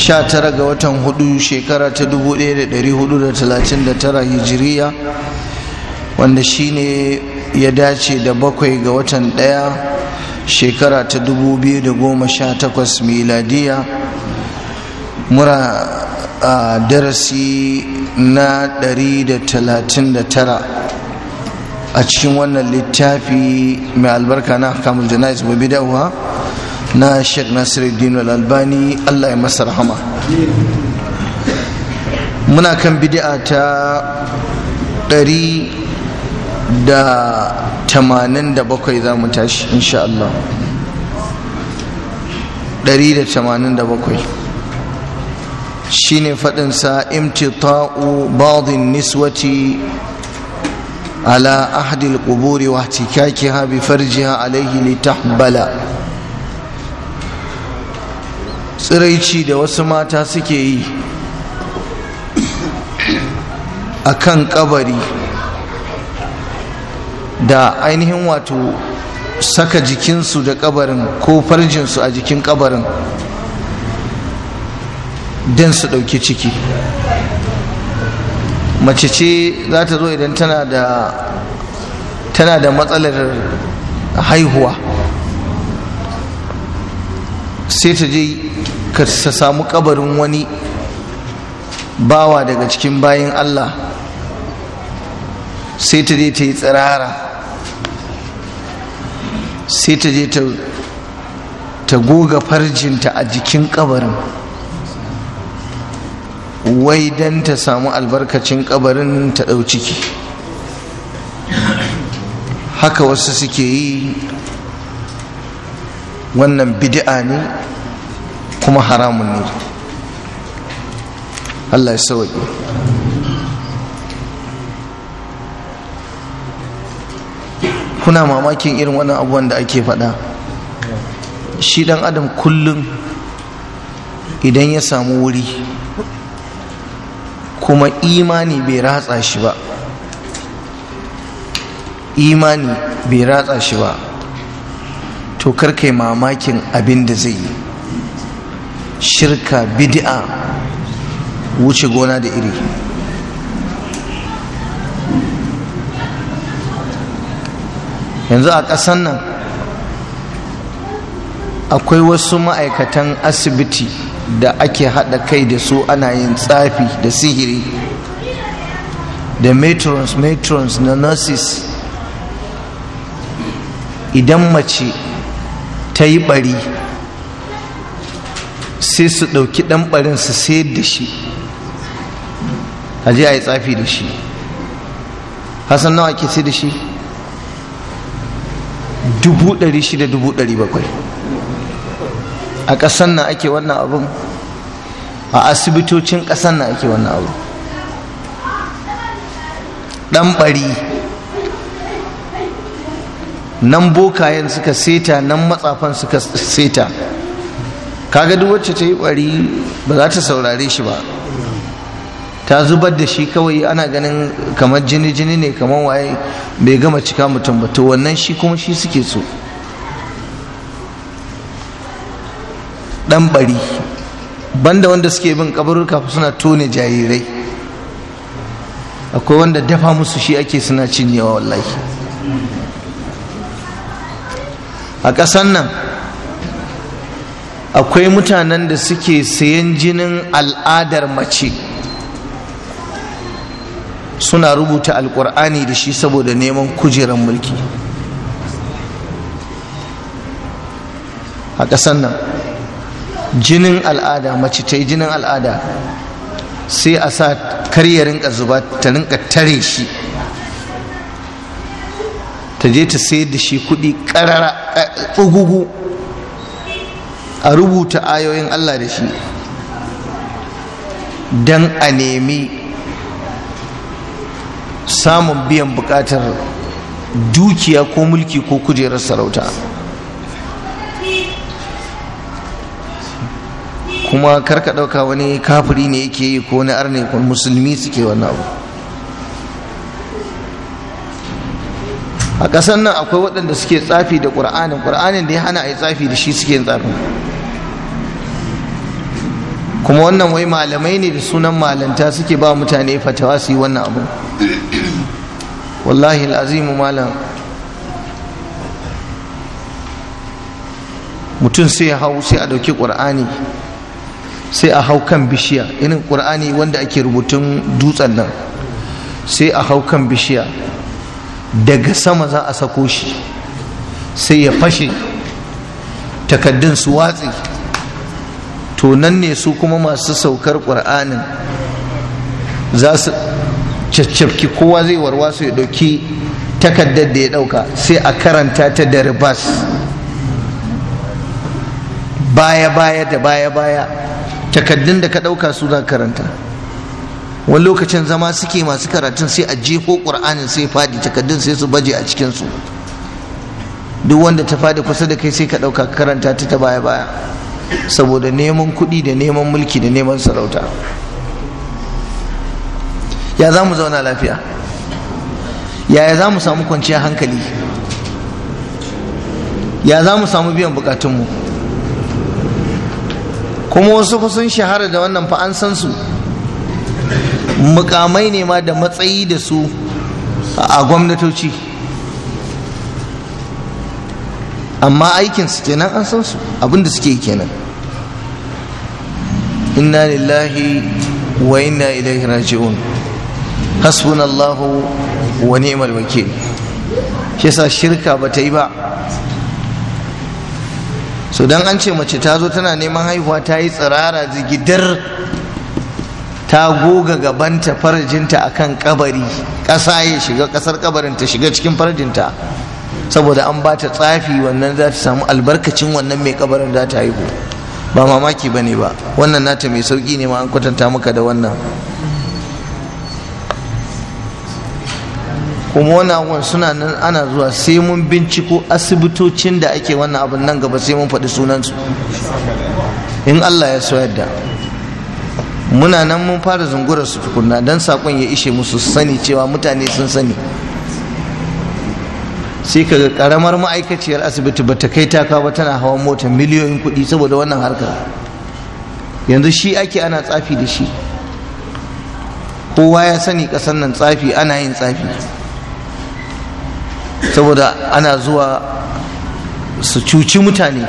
19 ga watan hudu shekara ta 1439 hijiriya wanda shi ne ya dace da bakwai ga watan daya shekara ta 2018 miladiya mura a darasi na 139 a cikin wannan littafi mai albarka na kamul jana'iz babi da'uwa na sheikh nasiruddin al-albani allah ya masa rahama muna kan bidi'a ta 187 za mu tashi insha allah 187 ne faɗinsa imtita'u ba'dhin niswati ala ahdi al-quburi wa ihtikakiha bi farjiha alayhi litahbala tsiraici da wasu mata suke yi a kan kabari da ainihin wato saka jikinsu da kabarin ko farjinsu a jikin kabarin don su ɗauki ciki mace ce za ta zo idan tana tana da matsalar haihuwa sai ta je ka samu kabarin wani bawa daga cikin bayan Allah sai ta je ta yi tsirara sai ta je ta goga farjinta a jikin kabarin wai don ta samu albarkacin kabarin ta ɗau ciki haka wasu suke yi wannan bid'a ne kuma haramun ne Allah ya sauke kuna mamakin irin wannan abubuwan da ake faɗa shi dan adam kullum idan ya samu wuri kuma imani bai ratsa shi ba imani bai ratsa shi ba to karkai mamakin abin da zai yi shirka bidi'a wuce gona da iri yanzu a ƙasan nan akwai wasu ma'aikatan asibiti da ake haɗa kai da su ana yin tsafi da sihiri da matrons matrons na nurses idan mace ta yi ɓari sai su ɗauki ɗan ɓarin su sayar da shi a je a yi tsafi da shi hasan nawa ke sayar da shi dubu ɗari shida dubu ɗari bakwai a ƙasan na ake wannan abin a asibitocin ƙasan na ake wannan abin ɗan ɓari nan bokayen suka seta nan matsafan suka seta kaga duk wacce ta yi bari ba za ta saurare shi ba ta zubar da shi kawai ana ganin kamar jini jini ne kamar waye bai gama cika mutum ba to wannan shi kuma shi suke so dan bari banda wanda suke bin kabarurka suna tone jarirai akwai wanda dafa musu shi ake suna cinyewa wallahi a ƙasan nan akwai mutanen da suke sayan jinin al'adar mace suna rubuta Alƙur'ani da shi saboda neman kujerar mulki a ƙasar nan jinin al'ada mace ta yi jinin al'ada sai a sa karya rinka zuba ta rinka tare shi ta je ta sayar da shi kuɗi ƙarara eh, tsugugu a rubuta ayoyin Allah da shi don a nemi samun biyan bukatar dukiya ko mulki ko kujerar sarauta kuma karka ɗauka wani kafiri ne yake yi ko na arne ko musulmi suke wannan abu a ƙasar nan akwai waɗanda suke tsafi da ƙur'anin ƙur'anin da ya hana a yi tsafi da shi suke tsafin kuma wannan wai malamai ne da sunan malanta suke ba mutane fatawa su yi wannan abu wallahi al'azimu malam mutum sai ya hau sai a ɗauki ƙur'ani sai a hau kan bishiya irin ƙur'ani wanda ake rubutun dutsen nan sai a hau kan bishiya daga sama za a sako shi sai ya fashe takaddun su watsi to nan ne su kuma masu saukar ƙur'anin za su caccafki kowa zai warwa su ya ɗauki takardar da ya ɗauka sai a karanta ta da ribas baya-baya da baya-baya takaddun da ka ɗauka su za karanta wani lokacin zama suke masu karatun sai a jefo ƙur'anin sai fadi takaddun sai su baje a cikinsu duk wanda ta fadi kusa da kai sai ka ɗauka karanta ta ta baya-baya saboda neman kuɗi da neman mulki da neman sarauta ya za mu zauna lafiya yaya za mu samu kwanciyar hankali ya za mu samu biyan bukatunmu kuma wasu fa sun shahara da wannan fa an san su mukamai ne ma da matsayi da su a gwamnatoci amma aikinsu kenan an san su abinda suke kenan inna lillahi wa inna ilaihi raji'un hasbunallahu wa ni'mal wakeel yasa shirka ba ta yi ba so dan an ce mace ta zo tana neman haihuwa ta yi tsirara zigidar ta goga gabanta farajinta akan kabari ƙasa ya shiga ƙasar kabarin ta shiga cikin farajinta saboda an ba ta tsafi wannan za ta samu albarkacin wannan mai kabarin za ta haihu ba mamaki ba ne ba wannan nata mai sauki ne ma an kwatanta maka da wannan kuma wannan abubuwan suna nan ana zuwa sai mun binciko asibitocin da ake wannan abin nan gaba sai mun faɗi sunansu in allah ya so yadda muna nan mun fara zungura su tukunna don saƙon ya ishe musu sani cewa mutane sun sani sai kaga karamar ma'aikaciyar asibiti bata kai taka ba tana hawan mota miliyoyin kuɗi saboda wannan harka yanzu shi ake ana tsafi da shi kowa ya sani ƙasar nan tsafi ana yin tsafi saboda ana zuwa su cuci mutane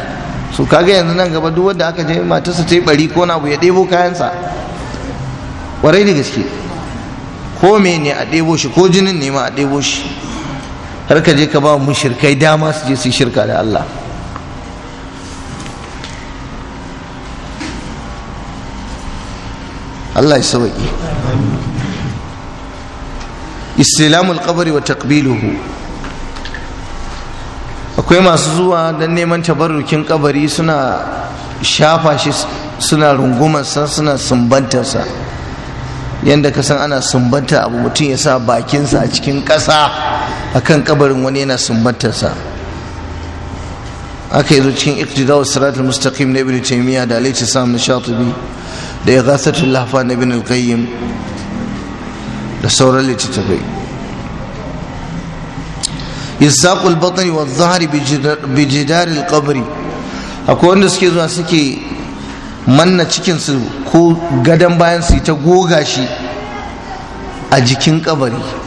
su kaga yanzu nan gaba duk wanda aka je matarsa ta yi bari ko na abu ya ɗebo kayansa ƙwarai da gaske ko me ne a ɗebo shi ko jinin ne ma a ɗebo shi kar ka je ka ba mu shirkai dama su je su shirka da Allah Allah ya sauki istilamul qabri wa taqbiluhu akwai masu zuwa don neman tabarrukin kabari suna shafa shi suna rungumarsa suna sumbantarsa yadda ka san ana sumbanta abu mutum ya sa bakinsa a cikin ƙasa akan kabarin wani yana sumbantarsa aka yi zo cikin iqtidaw siratul mustaqim na ibnu taymiya da alayhi salam na shatibi da ighathatul lahfa na ibn al da sauran littattafai yasaqul batni wa dhahri bi jidar al-qabr akwai wanda suke zuwa suke manna cikinsu ko gadan bayan su ta goga shi a jikin ƙabari.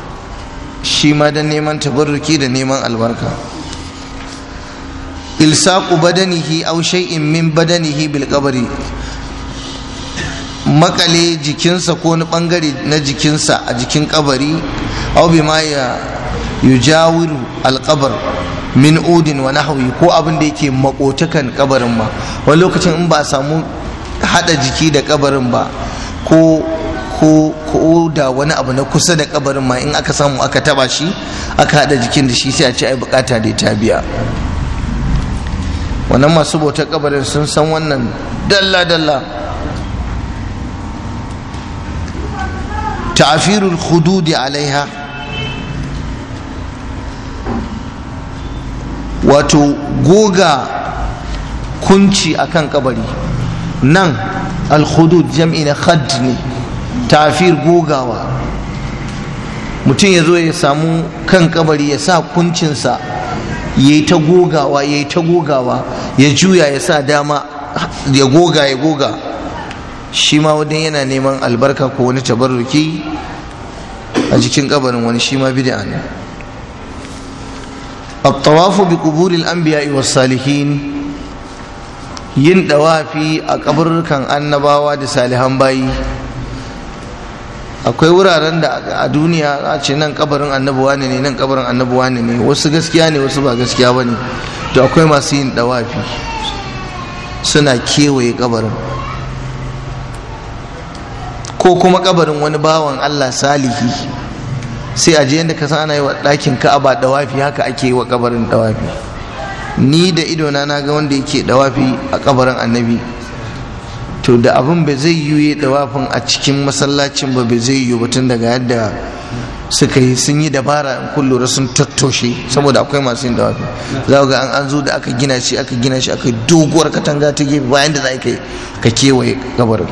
shi ma don neman tabarruki da neman albarka ilsaku badanihi aw shay'in min badanihi bil qabri makale jikinsa ko wani bangare na jikinsa a jikin kabari aw bima ya yujawiru al qabr min udin wa nahwi ko abin da yake makotakan kabarin ma wani lokacin in ba samu hada jiki da kabarin ba ko ko da wani abu na kusa da kabarin ma in aka samu aka taba shi aka hada jikin da shi sai a ce ai bukata da ta biya wannan masu bautar kabarin sun san wannan dalla dalla ta'afirul hududi alaiha wato goga kunci akan kabari nan al-hudud jam'i na khad ne tafir gogawa mutum ya zo ya samu kan kabari ya sa kuncinsa ya yi ta gogawa ya yi ta gogawa ya juya ya sa dama ya goga ya goga shi ma wadda yana neman albarka ko wani tabarruki a jikin kabarin wani shi ma bid'a ne at-tawafu bi quburil anbiya'i was salihin yin dawafi a kaburrukan annabawa da salihan bayi akwai wuraren da a duniya a ce nan kabarin annabuwa ne ne nan kabarin annabuwa ne ne wasu gaskiya ne wasu ba gaskiya ba ne to akwai masu yin dawafi suna kewaye kabarin ko kuma kabarin wani bawan allah salihi sai a yadda ka ana yi wa ɗakin ka'aba dawafi haka ake yi wa kabarin dawafi ni da idona na ga wanda yake dawafi a kabarin annabi to da abin ba zai yi dawafin a cikin masallacin ba ba zai yi batun daga yadda suka yi sun yi dabara in kun lura sun tattoshe saboda akwai masu yin dawafi za ga an an zo da aka gina shi aka gina shi aka doguwar katanga ta gefe bayan da za ka yi ka kewaye gabarin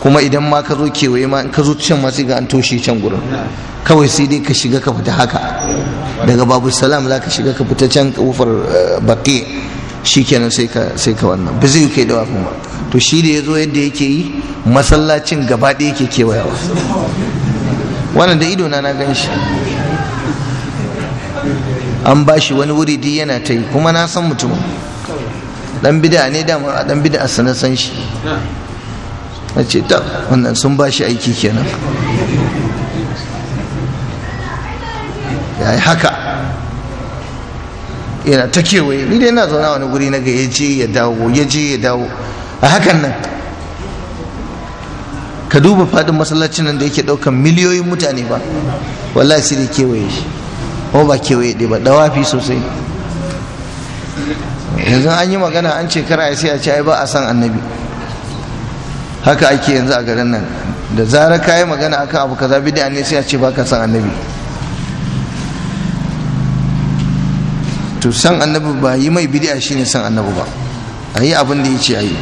kuma idan ma ka zo kewaye ma in ka zo can ma sai ga an toshe can gurin kawai sai dai ka shiga ka fita haka daga babu salam za ka shiga ka fita can kofar eh, bakke shikenan sai ka sai ka wannan ba zai yi kai dawafin ba to shi da ya zo yadda yake yi masallacin gaba ɗaya ke kewayawa wannan da ido na na gan shi an ba shi wani wuri di yana ta yi kuma na san mutum dan bida ne dama a dan bida sana san shi na ce ta wannan sun ba shi aiki kenan ya yi haka yana ta kewaye ni dai na zauna wani guri na ga ya je ya dawo ya je ya dawo a hakan nan ka duba fadin masallacin nan da yake ɗaukan miliyoyin mutane ba wallahi sai dai kewaye shi ko ba kewaye ɗaya ba dawafi sosai yanzu an yi magana an ce kar a sai a ce ai ba a san annabi haka ake yanzu a garin nan da zarar ka yi magana akan abu kaza bid'a ne sai a ce ba ka san annabi to san annabi ba yi mai bid'a shine san annabi ba a yi abin da ya ce a yi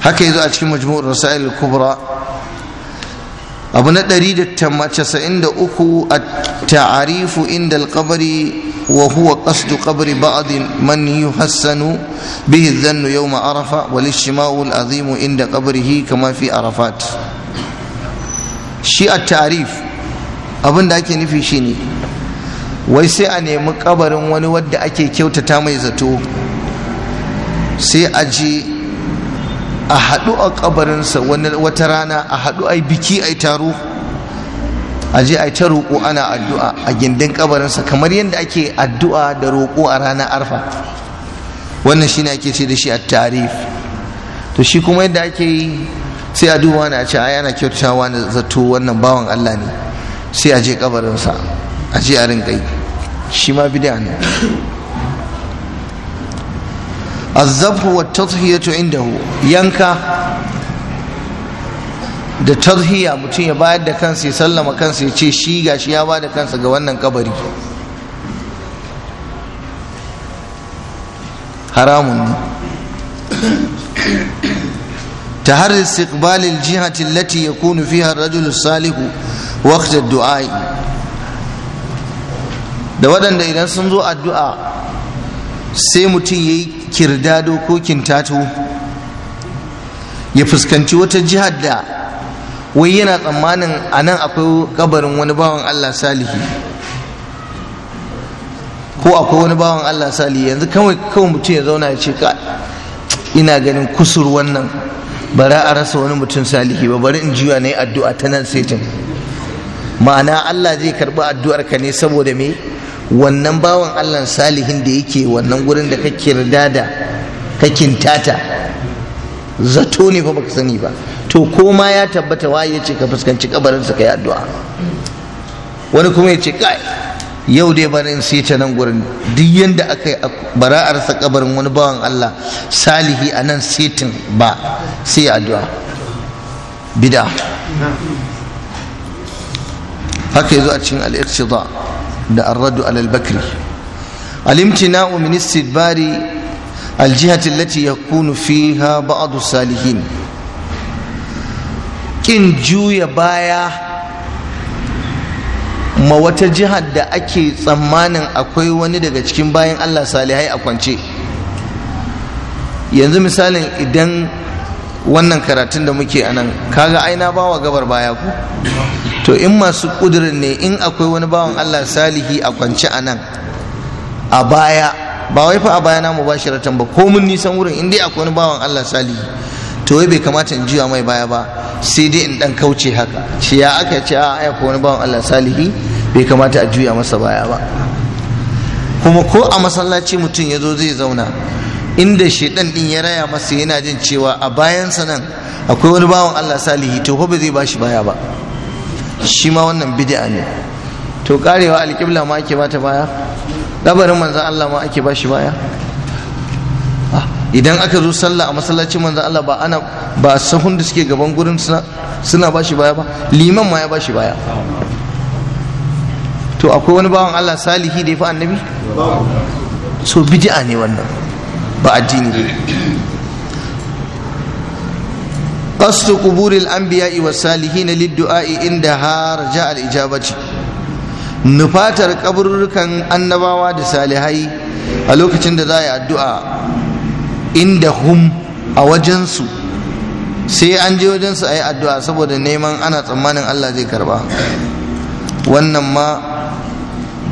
haka ya yazo a cikin majmu'ur rasail al-kubra abu na 193 at-ta'arifu inda al-qabri wa huwa qasdu qabri ba'd man yuhassanu bihi dhann yawm arafa wal shimau al-azim inda qabrihi kama fi arafat shi at-ta'arif abinda ake nufi shine wai sai a nemi ƙabarin wani wadda ake kyautata mai zato sai a je. a haɗu a ƙabarinsa wata rana a haɗu a biki a taro a je a ta roƙo ana addu'a a gindin ƙabarinsa, kamar yadda ake addu'a da roƙo a ranar arfa wannan shi ne ake ce da shi a tarif to shi kuma yadda ake yi sai a duba na ce a yana kyautawa na zato wannan bawan Allah ne sai a je ƙabarinsa a je a rinƙai shi ma bid'a ne azzafu wa tadhiyatu indahu yanka da tadhiya mutum ya bayar da kansa ya sallama kansa ya ce shi gashi ya bada kansa ga wannan kabari haramun ne ta har istiqbalil jihati allati yakunu fiha ar Rajul salihu waqt ad-du'a da waɗanda idan sun zo addu'a sai mutum ya yi kirda dokokin tatu ya fuskanci wata jihar da wai yana tsammanin a nan akwai kabarin wani bawan allah salihi ko akwai wani bawan allah salihi yanzu kawai kawai mutum ya zauna ya ce ka ina ganin kusur wannan bara a rasa wani mutum salihi ba bari in juya na yi addu'a ta nan setin ma'ana allah zai karɓi ka ne saboda me wannan bawan allah salihin da yake wannan gurin da kake da kakin tata zato ne fa baka sani ba to koma ya tabbata waye ya ce ka fuskanci kabarinsa ka yi addu'a wani kuma ya ce kai yau dai bari in sai ta nan gurin duk yanda aka yi bara'arsa kabarin wani bawan allah salihi a nan setin ba sai addu'a bida haka yazo a cikin al-irtida da arradu alal bakri al-imtina'u min istidbari aljihati allati yakunu fiha ba'du salihin kin juya baya ma wata jihar da ake tsammanin akwai wani daga cikin bayan Allah salihai a kwance yanzu misalin idan wannan karatun da muke a nan kaga aina bawa gabar baya ku to in masu kudirin ne in akwai wani bawan Allah salihi a kwance a nan a baya ba wai fa a baya na mubashiratan ba ko mun nisan wurin in dai akwai wani bawan Allah salihi to wai bai kamata in jiwa mai baya ba sai dai in dan kauce haka ce ya aka ce a ai wani bawan Allah salihi bai kamata a juya masa baya ba kuma ko a masallaci mutum ya zo zai zauna inda shedan din ya raya masa yana jin cewa a bayansa nan akwai wani bawan Allah salihi to ba zai bashi baya ba shi ma wannan bid'a ne to karewa alƙibla ma ake bata baya dabarin manzon Allah ma ake bashi baya ah, idan aka zo sallah a masallacin manzon Allah ba ana ba sahun da suke gaban gurin suna suna bashi baya ba liman ma ya bashi baya to akwai wani bawan Allah salihi da ya fi annabi so bid'a ne wannan ba addini ba qastu quburil anbiya'i was salihin lid-du'a'i inda harja al ce. nufatar kaburrukan annabawa da salihai a lokacin da za a yi addu'a inda hum a wajensu sai an je wajensu a yi addu'a saboda neman ana tsammanin Allah zai karba wannan ma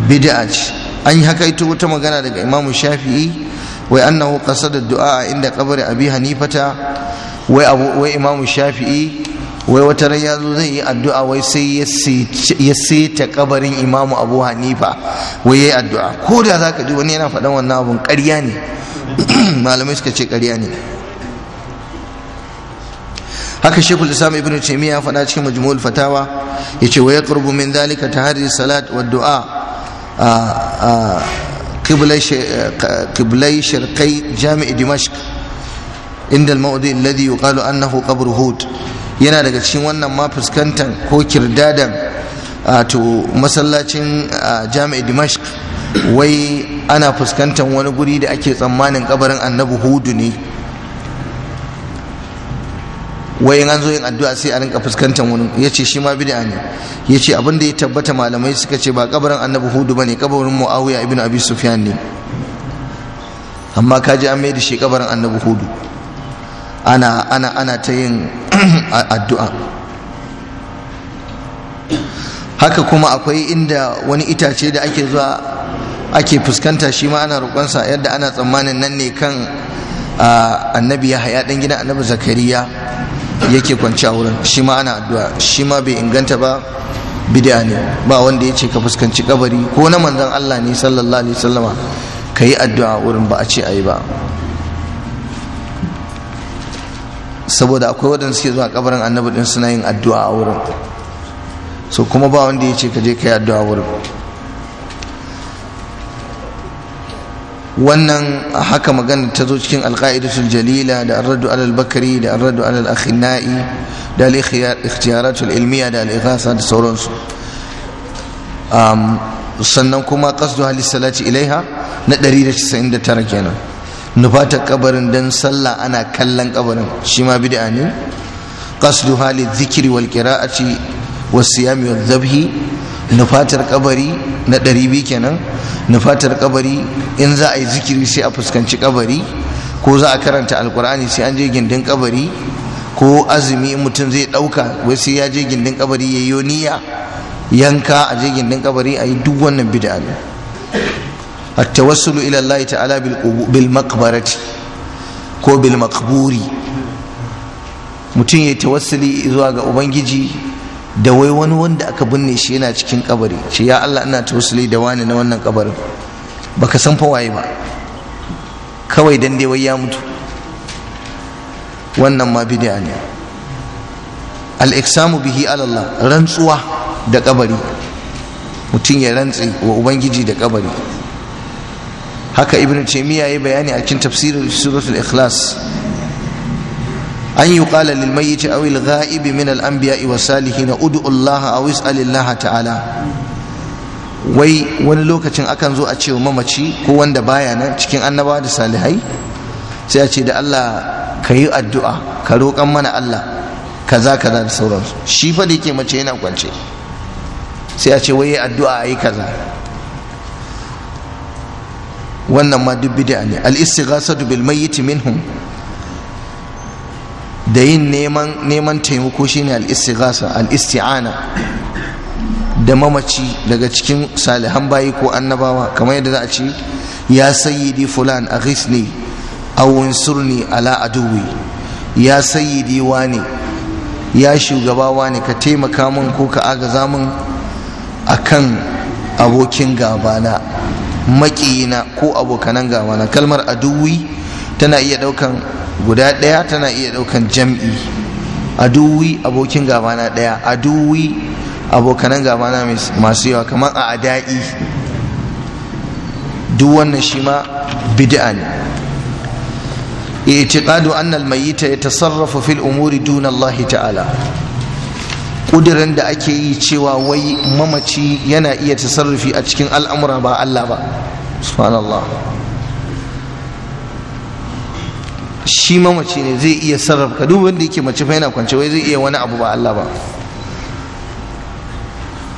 bid'a ce an yi haka ita wata magana daga imamu shafi'i wai annahu qasada du'a inda qabri abi hanifata wai abu wai imamu shafi'i wai wata ya zo zai yi addu'a wai sai ya seta kabarin imamu abu hanifa wai yayi addu'a ko da zaka ji wani yana faɗan wannan abun ƙarya ne malamai suka ce ƙarya ne haka shekul islam ibnu taymiya ya faɗa cikin majmu'ul fatawa yace wa yaqrubu min zalika tahri salat wa du'a ah, ah, قبلي شرقي جامع دمشق inda al-mawdi alladhi yuqalu annahu qabru hud yana daga cikin wannan ma fuskantar ko kirdadan to masallacin jami'i dimashq wai ana fuskantar wani guri da ake tsammanin kabarin annabi hudu ne wai an zo yin addu'a sai a rinka fuskantar wani. ya ce shi ma bid'a ne ya ce abin da ya tabbata malamai suka ce ba kabarin annabi hudu ba ne kabarin mu'awiya ibn abi sufyan ne amma ka ji an maida da shi kabarin annabi hudu ana ana ana ta yin addu'a haka kuma akwai inda wani itace da ake zuwa ake fuskanta shi ma ana roƙonsa yadda ana tsammanin nan ne kan annabi ya haya ɗan gidan annabi zakariya yake kwanci a wurin shi ma ana addu'a shi ma bai inganta ba bid'a ne ba wanda ya ce ka fuskanci kabari ko na manzon Allah ne sallallahu alaihi wasallama ka yi addu'a a wurin ba a ce a yi ba saboda akwai waɗanda suke zuwa kabarin annabi din suna yin addu'a a wurin so kuma ba wanda ya ce ka je ka yi addu'a a wurin wannan haka magana ta zo cikin alƙa'idatul jalila da arraddu alal bakari da arraddu alal akhina'i da al-ikhtiyaratul ilmiya da al-ighasa da sauransu sannan kuma qasdu halis salati ilaiha na 199 kenan nufatar kabarin dan sallah ana kallon kabarin shi ma bid'a ne qasdu halis zikri wal qira'ati was siyami wadh-dhabhi nufatar kabari na ɗari biyu kenan nufatar kabari in za a yi zikiri sai a fuskanci kabari ko za a karanta alkur'ani sai an je gindin kabari ko azumi in mutum zai ɗauka wai sai ya je gindin kabari ya yi niyya yanka a je gindin kabari a yi duk wannan bid'a ne at-tawassulu ila Allah ta'ala bil maqbarati ko bil maqburi mutum ya tawassuli zuwa ga ubangiji da wai wani wanda aka binne shi yana cikin kabari shi ya Allah ina tausali da wani na wannan kabarin baka san fa waye ba kawai dan dai wai ya mutu wannan ma bid'a ne al-iksamu bihi ala Allah rantsuwa da kabari mutum ya rantsi wa ubangiji da kabari haka ibnu taymiya yayi bayani a cikin tafsirin suratul ikhlas an yi ƙala lilmai ce awil ga'ibi min al'ambiya iwa salihi na udu Allah a wis'alillaha ta'ala wai wani lokacin akan zo a ce wa mamaci ko wanda baya nan cikin annaba da salihai sai a ce da Allah ka yi addu'a ka roƙan mana Allah kaza kaza da sauransu shi fa da yake mace yana kwance sai a ce wai yi addu'a a yi kaza wannan ma dubbi da ne al-istighasatu bil mayyit minhum da yin neman taimako shine al-istighasa al-isti'ana da mamaci daga cikin salihan bayi ko annabawa kamar yadda za a ce ya sayyidi fulan a aw ansurni ala aduwi ya sayyidi wani ya shugaba wani ka taimaka min ko ka agaza min akan abokin gabana makiyina ko abokanan gabana kalmar aduwi tana iya ɗaukan guda ɗaya tana iya ɗaukan jam'i aduwi abokin gaba na ɗaya aduwi abokanan gaba na masu yawa kamar a ada'i duk wannan shi ma bid'a ne i'tiqadu anna al-mayyita yatasarrafu fil umuri duna Allah ta'ala kudirin da ake yi cewa wai mamaci yana iya tasarrufi a cikin al'amura ba Allah ba subhanallah shi mamaci ne zai iya sarrafa duk wanda yake mace fa yana kwance wai zai iya wani abu ba Allah ba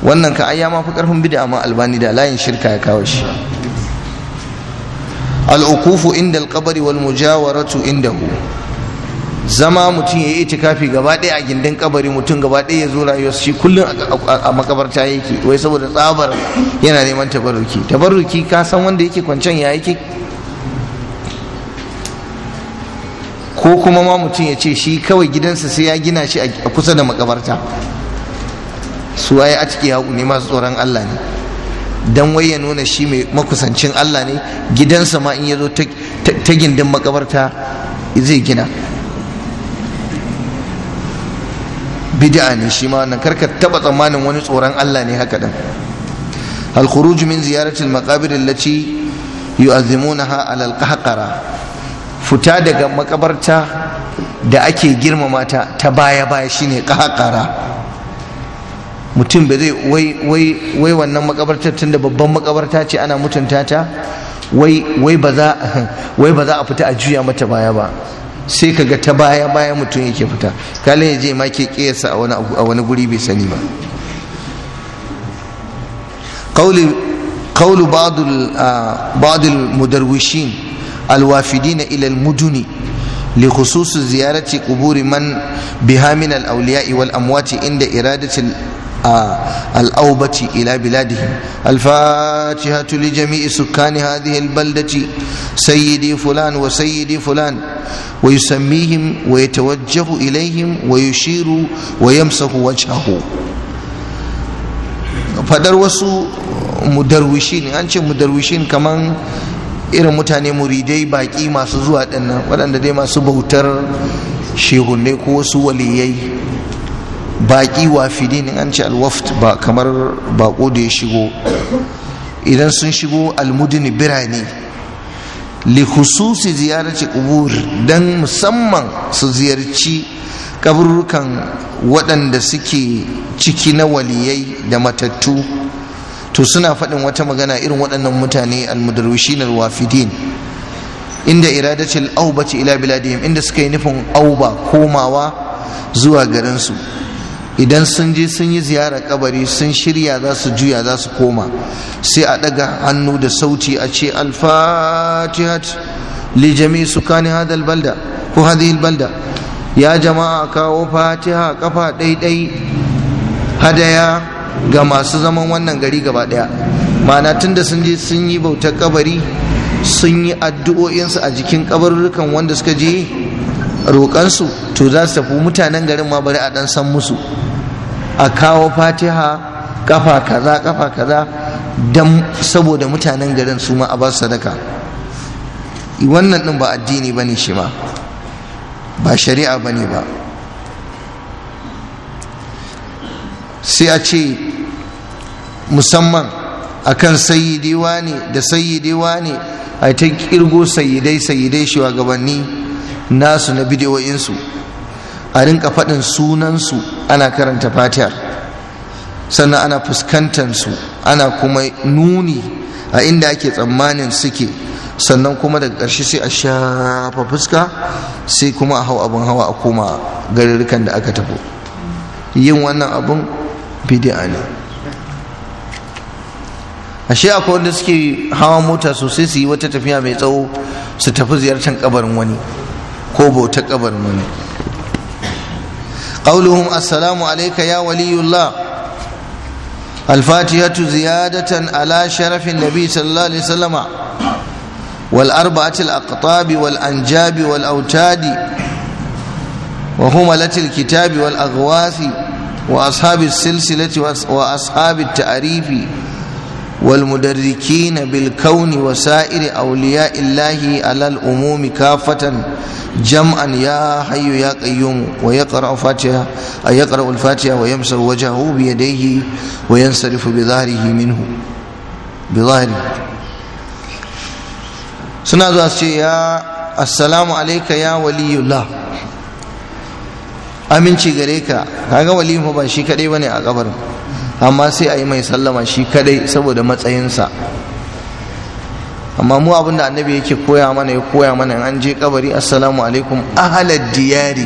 wannan ka ayya ma fi karfin bid'a ma albani da layin shirka ya kawo shi al'ukufu inda kabari wal mujawaratu indahu zama mutum ya yi itikafi gaba ɗaya a gindin kabari mutum gaba ɗaya ya zo rayuwar shi kullum a makabarta yake wai saboda tsabar yana neman tabarruki tabarruki ka san wanda yake kwancen ya yake ko kuma ma mutum ya ce shi kawai gidansa sai ya gina shi a kusa da makabarta su waye a ciki haƙu ne masu tsoron Allah ne dan wai ya nuna shi mai makusancin Allah ne gidansa ma in ya zo ta gindin makabarta zai gina bid'a ne shi ma wannan karka taba tsammanin wani tsoron Allah ne haka dan al khuruj min ziyaratil maqabir allati yu'azzimunaha ala al qahqara fita daga makabarta da ake girmama ta ta baya baya shine kakara mutum ba zai wai wannan makabartar tunda babban makabarta ce ana mutunta ta wai ba za a fita a juya mata baya ba sai kaga ta baya baya mutum yake fita kalin ya je ma ke kiyasa a wani guri bai sani ba قول بعض بعض alwafidina ila almuduni لخصوص زيارة قبور من بها من الأولياء والأموات عند إرادة الأوبة إلى بلادهم الفاتحة لجميع سكان هذه البلدة سيدي فلان وسيدي فلان ويسميهم ويتوجه إليهم ويشير ويمسح وجهه فدر وسو مدروشين أنش مدروشين كمان irin mutane muridai baki masu zuwa dinnan waɗanda dai masu bautar shehunai ko wasu waliyai baki wafidin an ce alwaft ba kamar bako da ya shigo idan sun shigo almudini birane li hususi ziyarci kubur don musamman su ziyarci kaburukan waɗanda suke ciki na waliyai da matattu to suna faɗin wata magana irin waɗannan mutane almudarwishin alwafidin inda iradatul aubati ce ila biladihim inda suka yi nufin auba komawa zuwa garinsu idan sun je sun yi ziyara kabari sun shirya za su juya za su koma sai a ɗaga hannu da sauti a ce alfatihat li jami'i sukani hadal balda ko hadhihi balda ya jama'a kawo fatiha kafa ɗaiɗai hadaya ga masu zaman wannan gari gaba daya ma'ana da sun je sun yi bautar kabari sun yi addu'o'insu a jikin kabarurrukan wanda suka je roƙansu to za su tafi mutanen garin ma bari a ɗan san musu a kawo fatiha kafa kaza kafa kaza dan saboda mutanen garin su ma a ba sadaka wannan ɗin ba addini bane shi ma ba shari'a bane ba sai a ce musamman a kan sayyidi wani da sayyidi ne a ta kirgo sayyidai sayyidai shugabanni nasu na bidiyoyinsu a rinka faɗin sunansu ana karanta fatiyar sannan ana fuskantansu ana kuma nuni a inda ake tsammanin suke sannan kuma daga ƙarshe sai a shafa fuska sai kuma a hau abin hawa a koma garirkan da aka tafi yin wannan abin bidi'a ne ashe akwai wanda suke hawa mota sosai su yi wata tafiya mai tsawo su tafi ziyartar kabarin wani ko bautar kabarin wani qauluhum assalamu alayka ya waliyullah alfatihatu ziyadatan ala sharafin nabi sallallahu alaihi wasallama wal arba'atil aqtabi wal anjabi wal autadi wa humalatil kitabi wal aghwathi وأصحاب السلسلة وأصحاب التعريف والمدركين بالكون وسائر أولياء الله على الأموم كافة جمعا يا حي يا قيوم ويقرأ فاتحة يقرأ الفاتحة ويمسح وجهه بيديه وينصرف بظهره منه بظهره سنة يا السلام عليك يا ولي الله aminci gare ka kaga waliyin ba shi kadai bane a kabarin amma sai a yi mai sallama shi kadai saboda matsayinsa amma mu abinda annabi yake koya mana ya koya mana an je kabari assalamu alaikum ahalad diyari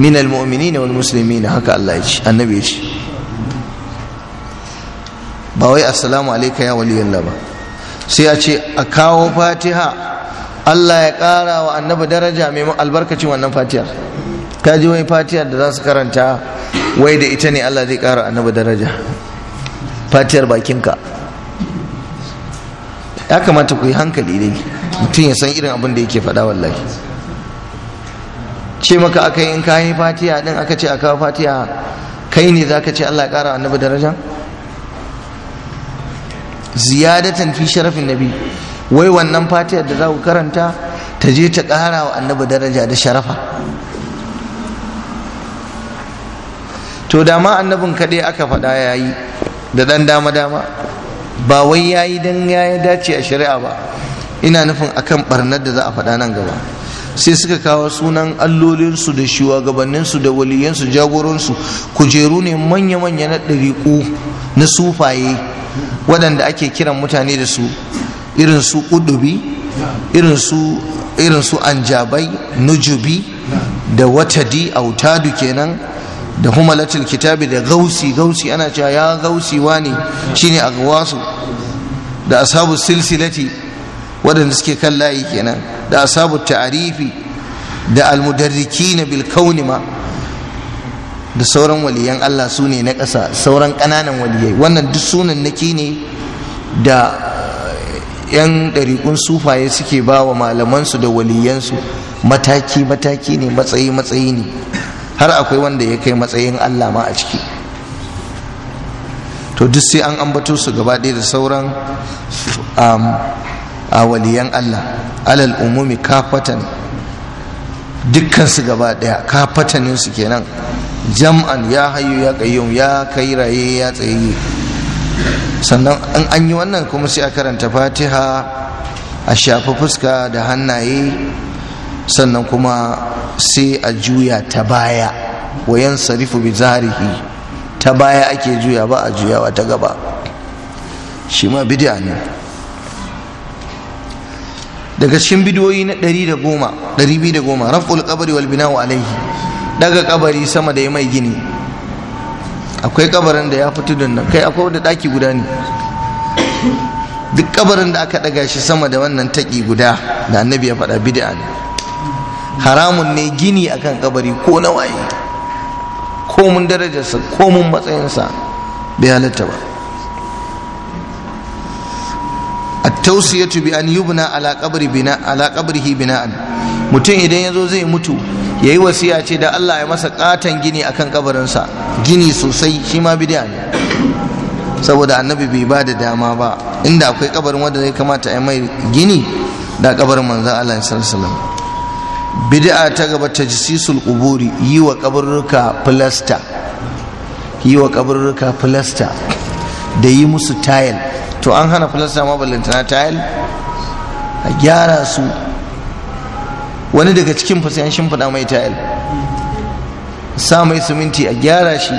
min almu'minina wal muslimin haka Allah ya ce annabi ya ce ba wai assalamu alayka ya waliyullah ba sai a ce a kawo fatiha Allah ya kara wa annabi daraja mai albarkacin wannan fatihar ka ji wani fatiyar da za su karanta wai da ita ne Allah zai kara annabi daraja fatiyar bakinka ya kamata ku yi hankali dai mutum ya san irin abin da yake faɗa wallahi ce maka aka yi in ka yi fatiya din aka ce aka fatiya kai ne za ka ce Allah ya ƙara annabi daraja ziyadatan fi sharafin nabi wai wannan fatiyar da za ku karanta ta je ta ƙara wa annabi daraja da sharafa to dama annabin kaɗai aka faɗa ya yi da ɗan dama dama ba wai ya yi don ya dace a shari'a ba ina nufin akan ɓarnar da za a faɗa nan gaba sai suka kawo sunan allolinsu da shugabanninsu da waliyansu jagoransu kujeru ne manya-manya na ɗariƙu na sufaye waɗanda ake kiran mutane da su irin su ƙudubi irin su anjabai nujubi da watadi autadu kenan da humalatul kitabi da gausi gausi ana cewa ya gausi wani shine agwasu da asabu silsilati waɗanda suke kan layi kenan da asabu ta'arifi da almudarriki bil kauni ma da sauran waliyan Allah su ne na ƙasa sauran ƙananan waliyai wannan duk sunan naki ne da 'yan ɗariƙun sufaye suke ba wa malamansu da waliyansu mataki mataki ne matsayi matsayi ne har akwai wanda ya kai matsayin Allah ma a ciki to duk sai an ambato su gaba da sauran um, a waliyan Allah alal umumi kafatan dukkan su gaba daya kafatanin su kenan jam'an ya hayu ya kayyum ya kai raye ya tsaye sannan an yi wannan kuma sai a karanta fatiha a shafa fuska da hannaye sannan kuma sai a juya ta baya wayan sarifu bi ta baya ake juya ba a juyawa ta gaba shi ma bid'a ne daga cikin bidiyoyi na 110 210 raf'ul kabari wal wa alaihi daga kabari sama da ya mai gini akwai kabarin da ya fito da nan kai akwai wanda daki guda ne duk kabarin da aka daga shi sama da wannan taki guda da annabi ya faɗa bid'a ne haramun ne gini akan kabari ko na waye ko mun darajarsa ko mun matsayinsa bai halatta ba at-tawsiyatu bi an yubna ala qabri bina ala qabrihi bina'an mutum idan yazo zai mutu yayi wasiya ce da Allah ya masa katan gini akan kabarinsa gini sosai shi ma bid'a ne saboda annabi bai ba da dama ba inda akwai kabarin wanda zai kamata a yi mai gini da kabarin manzon Allah sallallahu alaihi wasallam bid'a ta gaba jisisul kuburi yi wa kaburruka filasta yi wa kaburruka filasta da yi musu tile to an hana filasta ma ballantana tile a gyara su wani daga cikin fa an shimfiɗa mai tile sa mai siminti a gyara shi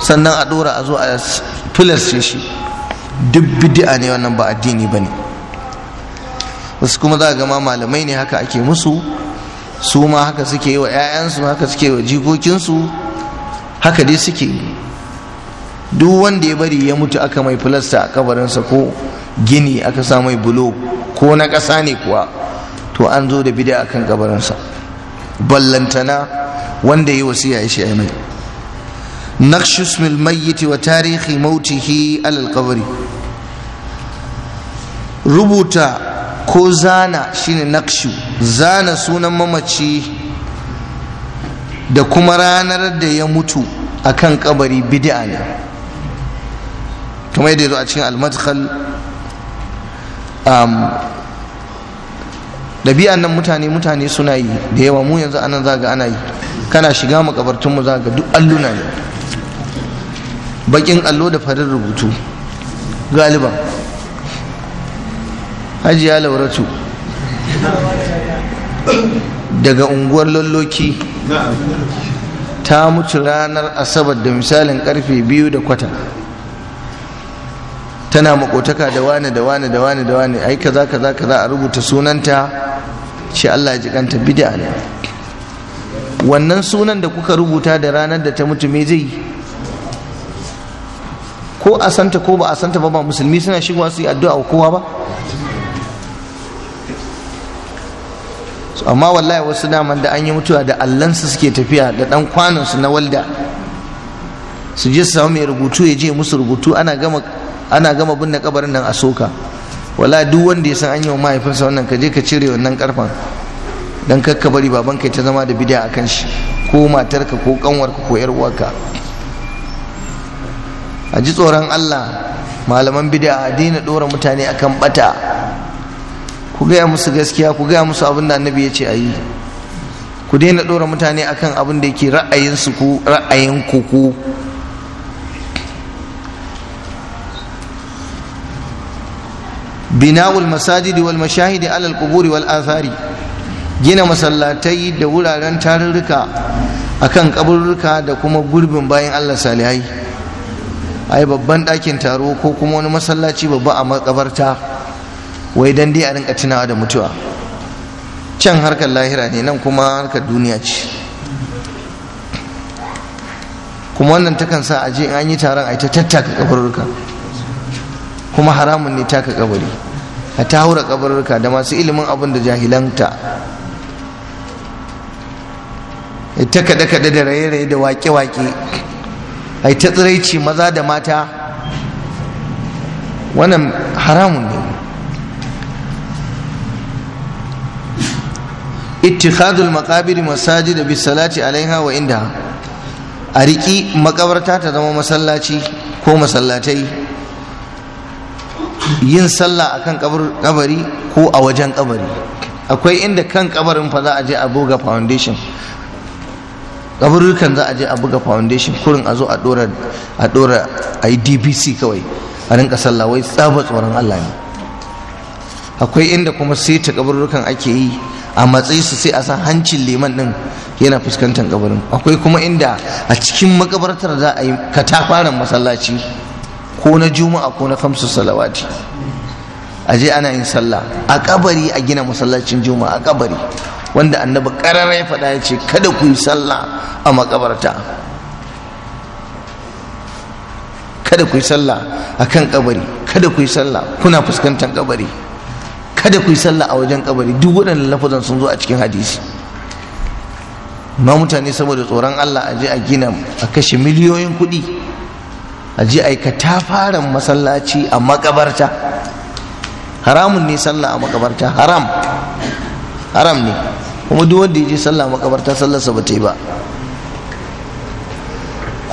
sannan a ɗora a zo a filasce shi duk bid'a ne wannan ba addini ba ne wasu kuma za a gama malamai ne haka ake musu su ma haka suke yi wa 'ya'yansu haka suke wa jikokinsu haka dai suke yi duk wanda ya bari ya mutu aka mai filasta a kabarinsa ko gini aka sa mai bulo ko na ƙasa ne kuwa to an zo da bida akan kabarinsa ballantana wanda ya wasu ya shi mai naqshus mil mayyit wa tarihi mautihi alal qabri rubuta ko zana shine nakshu zana sunan mamaci da kuma ranar da ya mutu a kan kabari bid'a ne Kuma yadda ya zo a cikin almadkhal um, ɗabi'an nan mutane mutane suna yi da yawa mu yanzu anan za ga ana yi kana shiga makabartunmu za ga duk alluna ne bakin allo da farin rubutu galiban ya lauratu daga unguwar lalloki ta mutu ranar asabar da misalin karfe biyu da kwata tana makotaka da wane da wane da wane da wane ai kaza kaza kaza a rubuta sunanta ce Allah ya jikanta bid'a ne wannan sunan da kuka rubuta da ranar da ta mutu me zai ko a santa ko ba a santa ba ba musulmi suna shigowa su yi addu'a kowa ba amma wallahi wasu daman da an yi mutuwa da allansu suke tafiya da dan kwanansu na walda su je su samu mai rubutu ya je musu rubutu ana gama ana gama binne kabarin nan a soka wala duk wanda ya san an yi wa mahaifinsa wannan ka je ka cire wannan karfan dan kakka bari baban kai ta zama da bid'a akan shi ko matarka ko kanwarka ko yar uwarka a ji tsoron Allah malaman bid'a a daina dora mutane akan bata ku gaya musu gaskiya ku gaya musu abin da annabi ya ce a yi ku daina ɗora mutane akan abin da yake ra'ayinsu ku ra'ayin ku ku binawul masajidi wal mashahidi alal kuburi wal athari gina masallatai da wuraren tarurruka akan kaburruka da kuma gurbin bayan Allah salihai ai babban ɗakin taro ko kuma wani masallaci babba a makabarta wai dan dai a rinka tunawa da mutuwa can harkar lahira ne nan kuma harkar duniya ce kuma wannan takan sa a je an yi taron a ta tattaka kabarurka kuma haramun ne taka kabari a ta haura kabarurka da masu ilimin abin da jahilanta ta kada-kada da raye-raye da wake-wake A ta tsiraici maza da mata wannan haramun ne ittikhadul maqabiri masajid bi salati alaiha wa inda a riki makabarta ta zama masallaci ko masallatai yin sallah akan kabari ko a wajen kabari akwai inda kan kabarin fa za a je a buga foundation kabarurkan za a je a buga foundation kurin a zo a dora a dora a yi dbc kawai a rinka sallah wai tsaba tsoron allah ne akwai inda kuma sai ta kabarurkan ake yi a matsayi su sai a san hancin liman din yana fuskantar kabarin akwai kuma inda a cikin makabartar za a yi katafaren masallaci ko na juma'a ko na kamsu salawati a je ana yin sallah a kabari a gina masallacin juma'a a kabari wanda annabi karara ya faɗa ya ce kada ku yi sallah a makabarta kada ku yi sallah a kan kabari kada ku yi sallah kuna fuskantar kabari kada ku yi sallah a wajen kabari duk waɗannan lafazan sun zo a cikin hadisi ma mutane saboda tsoron Allah a je a gina a kashe miliyoyin kuɗi a je a yi katafaren masallaci a makabarta haramun ne sallah a makabarta haram haram ne kuma duk wanda ya je sallah a makabarta sallarsa ba ta yi ba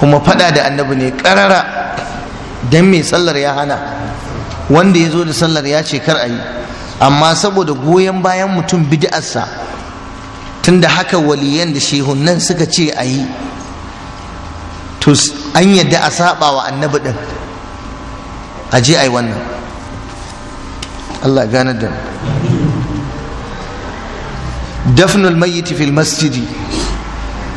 kuma faɗa da annabi ne karara don me sallar ya hana wanda ya zo da sallar ya ce kar a yi amma saboda goyon bayan mutum bid'arsa tunda haka waliyan da nan suka ce a yi to an yadda a saba wa annabi din a je a yi wannan Allah gane da dafnul mayyiti fil masjidi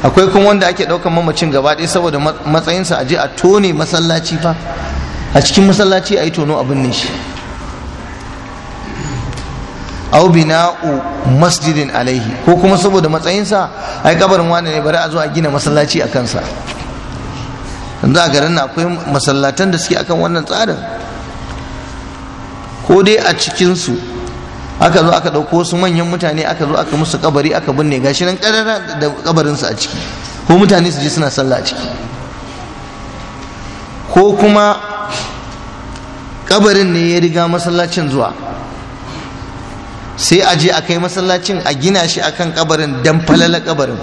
akwai kuma wanda ake ɗaukan mamacin gaba ɗaya saboda matsayinsa a je a tone masallaci fa a cikin masallaci a yi tono abin ne shi au bina'u masjidin alaihi ko kuma saboda matsayinsa ai kabarin wani ne bari a zo a gina masallaci a kansa yanzu a garin akwai masallatan da suke akan wannan tsarin ko dai a cikinsu aka zo aka ɗauko su manyan mutane aka zo aka musu kabari aka binne gashi nan ƙarara da kabarinsu a ciki ko mutane su je suna sallah a ciki ko kuma kabarin ne ya riga masallacin zuwa sai a je a kai masallacin a gina shi a kan kabarin dan falala kabarin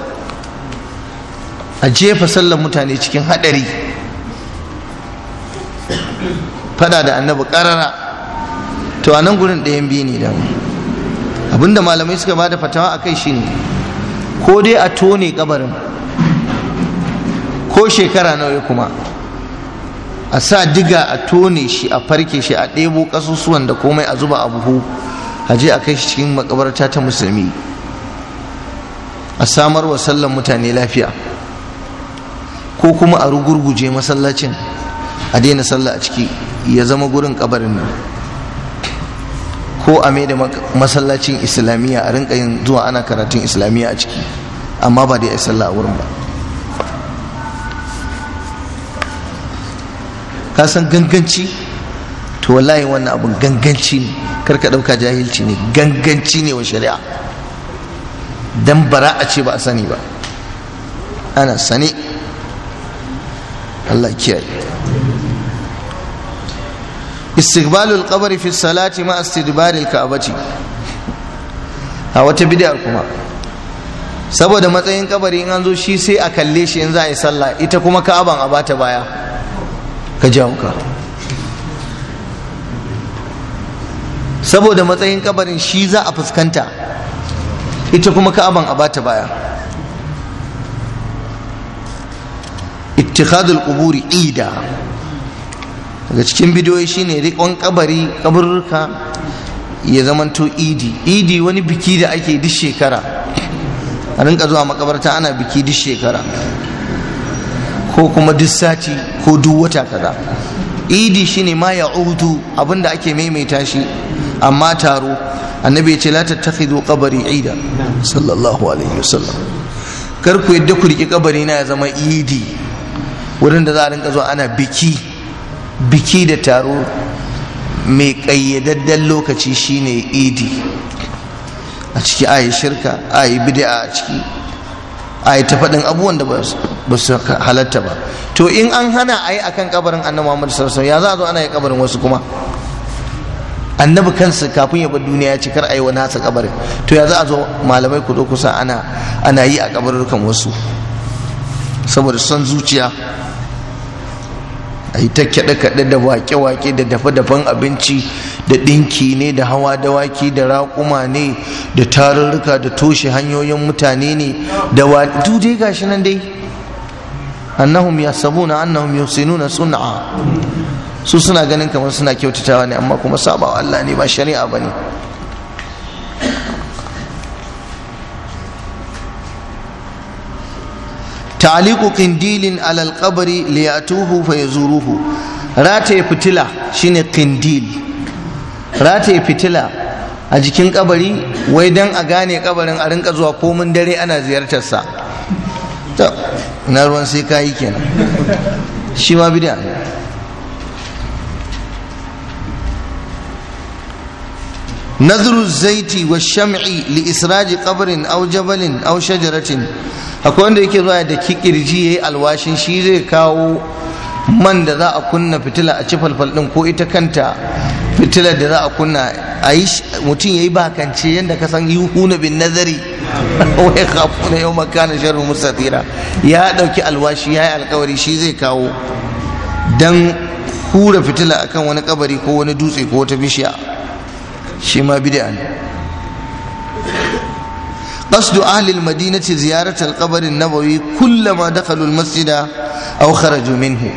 a jefa sallar mutane cikin hadari fada da annabi karara to a nan gurin ɗayan biyu ne dama abinda malamai suka bada fatawa a kai shine ko dai a tone kabarin ko shekara nawa kuma a sa diga a tone shi a farke shi a ɗebo ƙasusuwan da komai a zuba a buhu a je a kai shi cikin makabarta ta musulmi a samar wa sallan mutane lafiya ko kuma a rugurguje masallacin a daina sallah a ciki ya zama gurin kabarin nan ko a maida masallacin islamiyya a rinka yin zuwa ana karatun islamiyya a ciki amma ba da ya sallah a wurin ba ka san ganganci to wallahi wannan abin ganganci ne karka ɗauka jahilci ne ganganci ne wa shari'a dan bara a ce ba a sani ba ana sani Allah kiyaye istiqbalul qabri fi salati ma istidbaril ka'bati a wata bid'a kuma saboda matsayin kabari in an zo shi sai a kalle shi in za a yi sallah ita kuma ka'aban a bata baya ka ji ka saboda matsayin kabarin shi za a fuskanta ita kuma ka'aban a bata baya ittihadul kuburi ida daga cikin bidiyoyi shine rikon kabari kaburruka ya zamanto idi idi wani biki da ake duk shekara a rinka zuwa makabarta ana biki duk shekara ko kuma duk sati ko duk wata kaza idi shine ma ya udu abinda ake maimaita shi amma taro annabi ya ce la tattakhidhu qabri ida sallallahu alaihi wasallam kar ku yadda ku riki kabari na ya zama idi wurin da za a rinka zuwa ana biki biki da taro mai kayyadaddan lokaci shine idi a ciki ayi shirka ayi bid'a a ciki ayi ta faɗin abubuwan da ba su Basu su halatta ba to in an hana a akan kabarin annabi muhammad sallallahu ya za a zo ana yi kabarin wasu kuma annabi kansa kafin ya bar duniya ya ci kar a yi nasa kabarin to ya za a zo malamai ku zo kusa ana ana yi a kabarukan wasu saboda son zuciya a yi ta kaɗe-kaɗe da wake-wake da dafa dafen abinci da ɗinki ne da hawa da waki da raƙuma ne da tarurruka da toshe hanyoyin mutane ne da wa dai gashi nan dai annahum yasabuna annahum yusinuna sun'a su suna ganin kamar suna kyautatawa ne amma kuma sabawa Allah ne ba shari'a bane ta'aliqu qindilin alal qabri liyatuhu fayazuruhu rataye fitila shine qindil rataye fitila a jikin kabari wai dan a gane kabarin a rinka zuwa komin dare ana ziyartar sa na ruwan sai kayi kenan shi ma zaiti wa shami'i li israji قبر au jabalin au Shajaratin, akwai wanda yake zuwa da kirji yayi alwashin shi zai kawo man da za a kunna fitila a ci din ko ita kanta fitilar da za a kunna a yi mutum ya yi bakance yadda ka san yuhuna bin nazari wai kafu na yau makana sharru musafira ya ɗauki alwashi ya yi alkawari shi zai kawo don hura fitila akan wani kabari ko wani dutse ko wata bishiya shi ma bid'a ne قصد أهل المدينة زيارة القبر النبوي كلما دخلوا المسجد أو خرجوا منه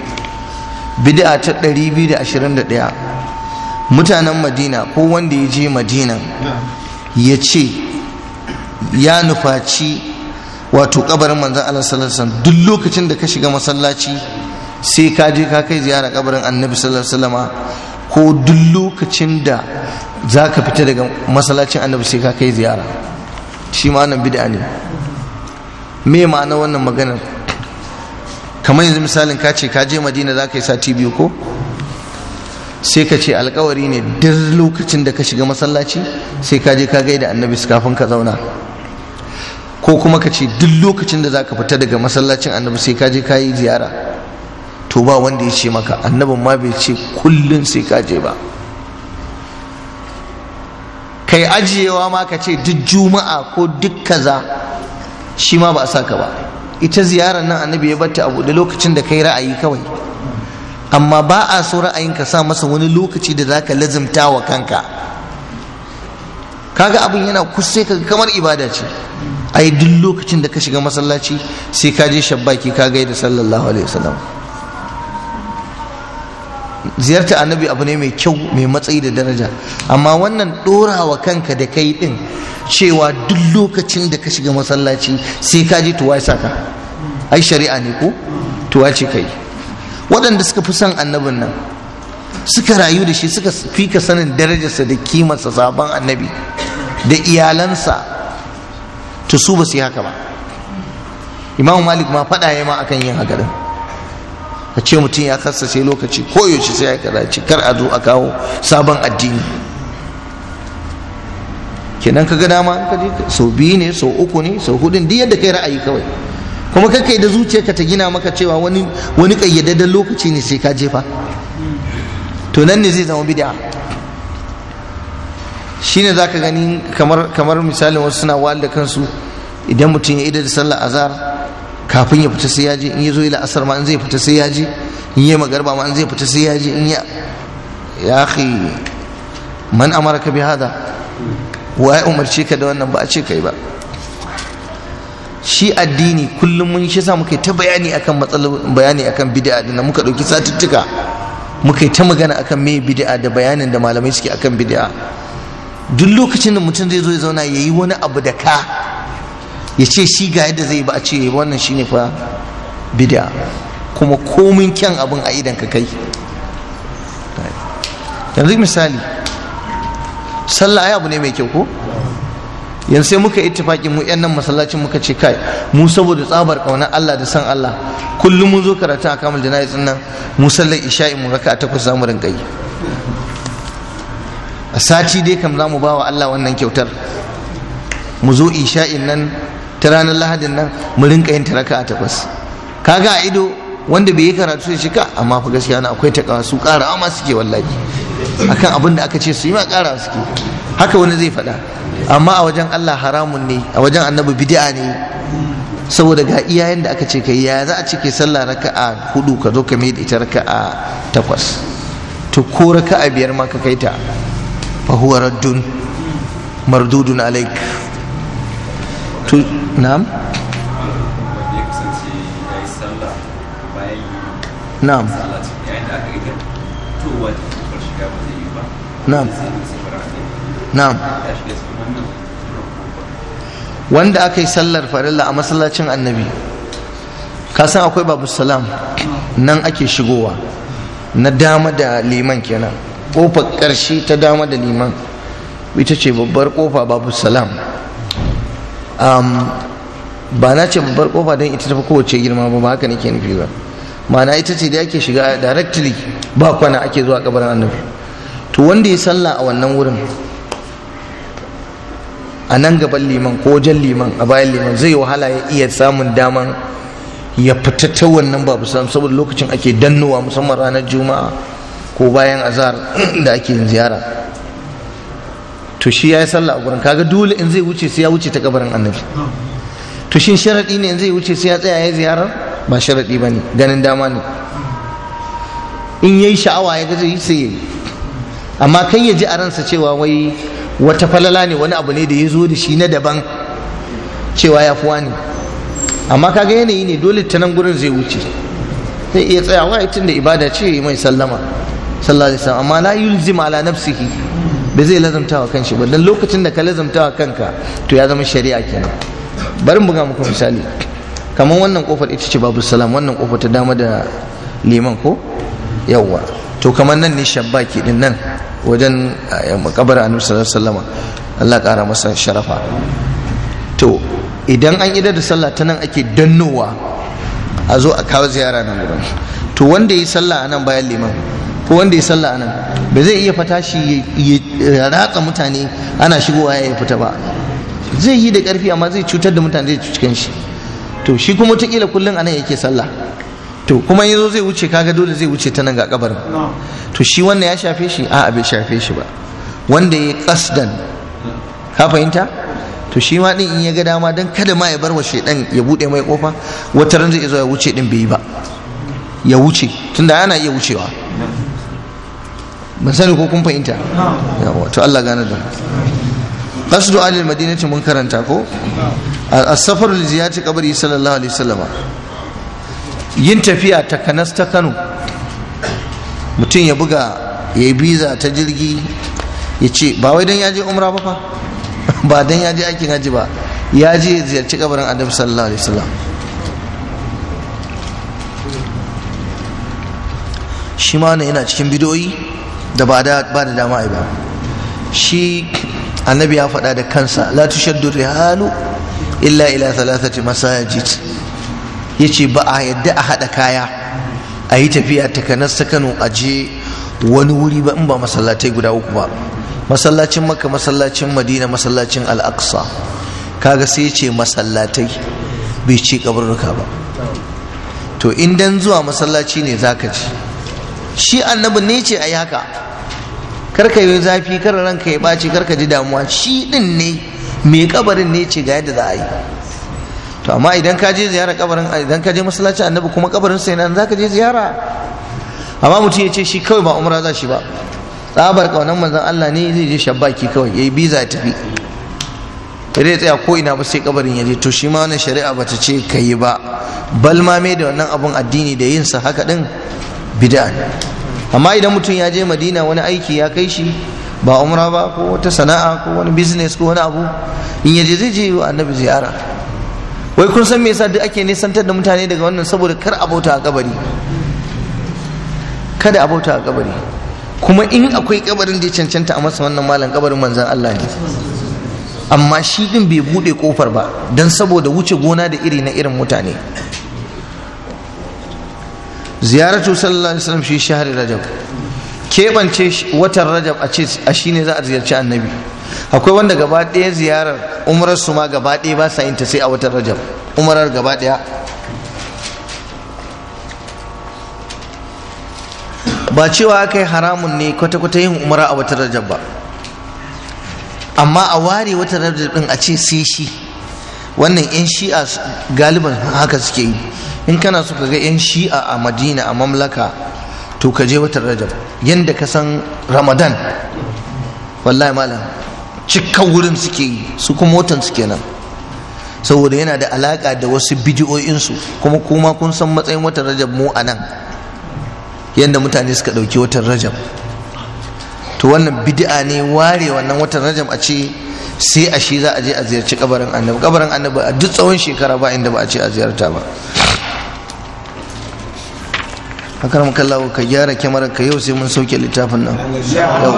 بدأت تقريبي دا أشرين mutanen madina ko wanda ya je madina ya ce ya nufaci wato kabarin manzan Allah duk lokacin da ka shiga masallaci sai ka je ka kai ziyara kabarin annabi salasalama, ko duk lokacin da za ka fita daga masallacin annabi sai ka kai ziyara shi ma'anar bid'a ne me ma'ana wannan maganar kamar yanzu misalin ka ce ka je madina za ka yi sati biyu ko sai ka ce alkawari ne duk lokacin da ka shiga masallaci sai ka je ka gaida annabi kafin ka zauna ko kuma ka ce duk lokacin da za ka fita daga masallacin annabi sai ka je ka yi ziyara to ba wanda ya ce maka annabin ma bai ce kullum sai ka je ba kai ajiyewa ma ka ce duk juma'a ko duk kaza shi ma ba a saka ba ita ziyarar nan annabi ya batta abu da lokacin da kai ra'ayi kawai amma ba a so ra'ayin ka sa masa wani lokaci da zaka lazimta wa kanka kaga abin yana kusa kaga kamar ibada ce ai duk lokacin da ka shiga masallaci sai ka je shabbaki ka gaida sallallahu alaihi wasallam ziyarta annabi abu ne mai kyau mai matsayi da daraja amma wannan dorawa kanka da kai din cewa duk lokacin da ka shiga masallaci sai ka je tuwa saka ai shari'a ne ko tuwa ce kai waɗanda suka fi son annabin nan suka rayu da shi suka fi ka sanin darajarsa da kimarsa sabon annabi da iyalansa ta su ba su yi haka ba imamu malik ma faɗa ya ma akan yin haka din a ce mutum ya sai lokaci koyaushe sai ya karaci kar a zo a kawo sabon addini kenan ka ga dama ka sau biyu ne sau uku ne sau hudun duk yadda kai ra'ayi kawai kuma kake da zuciyarka ta gina maka cewa wani wani kayyadadden lokaci ne sai ka jefa to nan ne zai zama bid'a shine zaka gani kamar kamar misalin wasu suna wahal da kansu idan mutum ya ida da sallar azhar kafin ya fita sai ya je in ya zo ila asar ma in zai fita sai ya je in ya magarba ma in zai fita sai ya je in ya ya akhi man ka bi hada wa ai umarce ka da wannan ba a ce kai ba shi addini kullum mun shi sa muka ta bayani akan matsalar bayani akan bid'a din muka dauki satuttuka muka ta magana akan me bid'a da bayanin da malamai suke akan bid'a duk lokacin da mutum zai zo ya zauna yayi wani abu da ka ya ce shi ga yadda zai ba a ce wannan shine fa bid'a kuma komin kyan abin a idan ka kai yanzu misali sallah ya abu ne mai kyau ko yanzu sai muka yi ittifaki mu yan nan masallacin muka ce kai mu saboda tsabar kaunar Allah da san Allah kullum mun zo karatu a kamul jana'iz nan mu sallar isha'i mu raka a takwas zamu rinka yi a sati dai kam zamu wa Allah wannan kyautar mu zo isha'in nan ta ranar lahadin nan mu rinka yin ta a takwas kaga a ido wanda bai yi karatu ya shika amma fa gaskiya na akwai takawa su ƙara ma suke wallahi akan abin da aka ce su yi ma ƙara suke haka wani zai faɗa amma a wajen Allah haramun ne a wajen annabi bid'a ne saboda ga iyayen da aka ce kai ya za a ce kai sallah raka'a hudu ka zo ka mai da ita raka'a takwas to ko raka'a biyar ma ka kai ta fa huwa raddun mardudun alaik to na'am na'am na'am na'am wanda aka yi sallar farilla a masallacin annabi kasan akwai babu salam nan ake shigowa na dama da liman kenan kofar ƙarshe ta dama da liman ita ce babbar kofa babu salam ba na ce babbar kofa don ita tafi kowace girma ba ba haka nake nufi ba ma'ana ita ce da yake shiga directly ba kwana ake zuwa kabarin annabi to wanda ya sallah a wannan wurin a nan gaban liman ko wajen liman a bayan liman zai wahala ya iya samun daman ya fita ta wannan babu sam saboda lokacin ake dannowa musamman ranar juma'a ko bayan azar da ake yin ziyara to shi ya yi sallah a gurin kaga dole in zai wuce sai ya wuce ta kabarin annabi to shin sharadi ne in zai wuce sai ya tsaya ya ziyarar ba sharaɗi ba ne ganin dama ne in yayi sha'awa ya gaji sai yayi amma kan ya ji a ransa cewa wai wata falala ne wani abu ne da ya zo da shi na daban cewa ya fi wani amma kaga yanayi ne dole ta nan gurin zai wuce zai iya tsayawa ya da ibada ce mai sallama sallallahu alaihi wasallam amma la yulzim ala nafsihi ba zai lazamta wa kanshi ba dan lokacin da ka lazamta wa kanka to ya zama shari'a kenan bari mu buga muku misali kamar wannan kofar ita ce babu salam wannan kofar ta dama da liman ko yawwa to kamar nan ne shabbaki din nan wajen eh, makabar annabi sallallahu alaihi wasallam Allah ƙara masa sharafa to idan an idar da sallah ta nan ake dannowa a zo a kawo ziyara nan gurin to wanda ya sallah a nan bayan liman ko wanda ya sallah a nan ba zai iya fita shi ya ratsa mutane ana shigowa ya fita ba zai yi da ƙarfi amma zai cutar da mutane zai cuci kanshi shi to shi kuma wataƙila kullum anan yake sallah to kuma yanzu zai wuce kaga dole zai wuce ta nan ga kabarin to shi wannan ya shafe shi a bai shafe shi ba wanda ya kasdan ka fahimta to shi ma din in ya ga dama dan kada ma ya bar wa shedan ya bude mai kofa wata ran zai zo ya wuce din bai yi ba ya wuce tunda ana iya wucewa ban sani ko kun fahimta yawa to Allah gane da qasdu alil madinati mun karanta ko A safar li ziyarati qabri sallallahu alaihi wasallam yin tafiya ta kanas ta Kano mutum ya buga ya yi biza ta jirgi ya ce ba wai don ya je umra ba fa ba don ya je aikin haji ba ya je ya ziyarci kabarin adam sallallahu alaihi wasallam shi ma wannan yana cikin bidoyi da ba da dama ba shi annabi ya faɗa da kansa la tushaddu rihalu illa ila thalathati masajid yace ba a yadda a hada kaya a yi tafiya ta kanar ta Kano a je wani wuri ba in ba masallatai guda uku ba masallacin Makka masallacin Madina masallacin Al-Aqsa kaga sai yace masallatai bai ce kabarruka ba to in dan zuwa masallaci ne zaka ji shi annabin ne ce ayi haka karka yi zafi kar ranka ya ɓaci karka ji damuwa shi din ne me kabarin ne ce ga yadda za a yi to amma idan ka je ziyara kabarin idan ka je masallacin annabi kuma kabarin sai nan zaka je ziyara amma mutum ya ce shi kawai ba umra za shi ba tsabar kaunan manzon Allah ne zai je shabbaki kawai yayi biza ya tafi zai tsaya ko ina ba sai kabarin ya je to shi ma wannan shari'a ba ta ce kai ba bal ma me da wannan abun addini da yin sa haka din bid'a amma idan mutum ya je Madina wani aiki ya kai shi ba umra ba ko wata sana'a ko wani business ko wani abu in yaje zai je wa annabi ziyara wai kun san me yasa duk ake nisantar da mutane daga wannan saboda kar bauta a kabari kada bauta a kabari kuma in akwai kabarin da ya cancanta a masa wannan malam kabarin manzon Allah ne amma shi din bai bude kofar ba don saboda wuce gona da iri na irin mutane ziyaratu sallallahu alaihi wasallam shi shahar rajab keɓance watan rajab a ce a shi ne za a ziyarci annabi akwai wanda gaba ɗaya ziyarar umarar su ma gaba ɗaya ba sa yin ta sai a watan rajab umarar gaba ɗaya ba cewa aka yi haramun ne kwata-kwata yin umara a watan rajab ba amma a ware watan rajab ɗin a ce sai shi wannan 'yan shi'a galiban haka suke yi in kana so ka ga 'yan shi'a a madina a mamlaka to ka je watan rajab yadda ka san ramadan wallahi malam cika wurin suke yi su kuma watan suke nan saboda yana da alaka da wasu bidiyoyinsu kuma kuma kun san matsayin watan rajab mu a nan yadda mutane suka ɗauki watan rajab to wannan bidi'a ne ware wannan watan rajab a ce sai a shi za a je a ziyarci kabarin annabi kabarin annabi a duk tsawon shekara ba inda ba a ce a ziyarta ba akar makallawo ka gyara kyamarar ka yau sai mun sauke littafin nan yau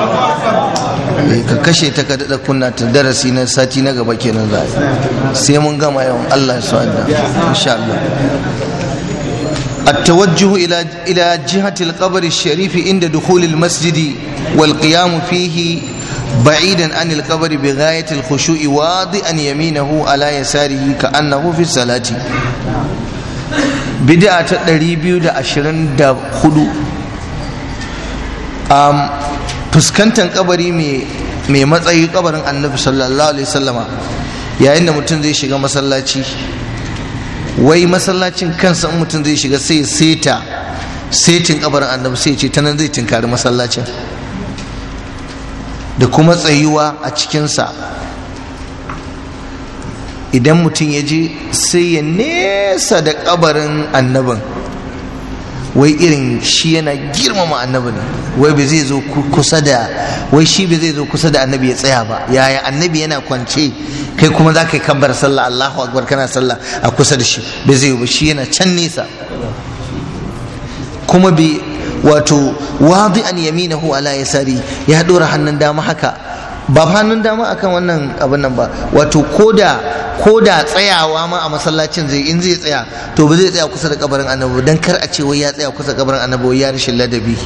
eh, ka kashe ta ka daɗa kunna ta darasi na sati na gaba kenan za sai mun gama yau allah ya sa insha allah التوجه إلى إلى جهة القبر الشريف عند دخول المسجد والقيام فيه بعيدا عن القبر بغاية الخشوع واضعا يمينه على يساره كأنه في الصلاة bid'a ta 224 fuskantar kabari mai matsayi kabarin annabi sallallahu alaihi sallama yayin da mutum zai shiga masallaci wai masallacin kansa in mutum zai shiga sai seta setin kabarin annabi sai ce ta nan zai tinkari masallacin da kuma tsayuwa a cikinsa idan mutum ya je sai ya nesa da kabarin annabin wai irin shi yana girmama annabi wai ba zai zo kusa da wai shi ba zai zo kusa da annabi ya tsaya ba yaya annabi yana kwance kai kuma za ka yi kabbar sallah allahu akbar kana sallah a kusa da shi ba zai ba shi yana can nesa kuma bi wato wadi an hu ala yasari ya dora hannun dama haka ba hannun dama akan wannan abin nan ba wato koda koda tsayawa ma a masallacin zai in zai tsaya to ba zai tsaya kusa da kabarin annabi dan kar a ce wai ya tsaya kusa da kabarin annabi ya rashin ladabi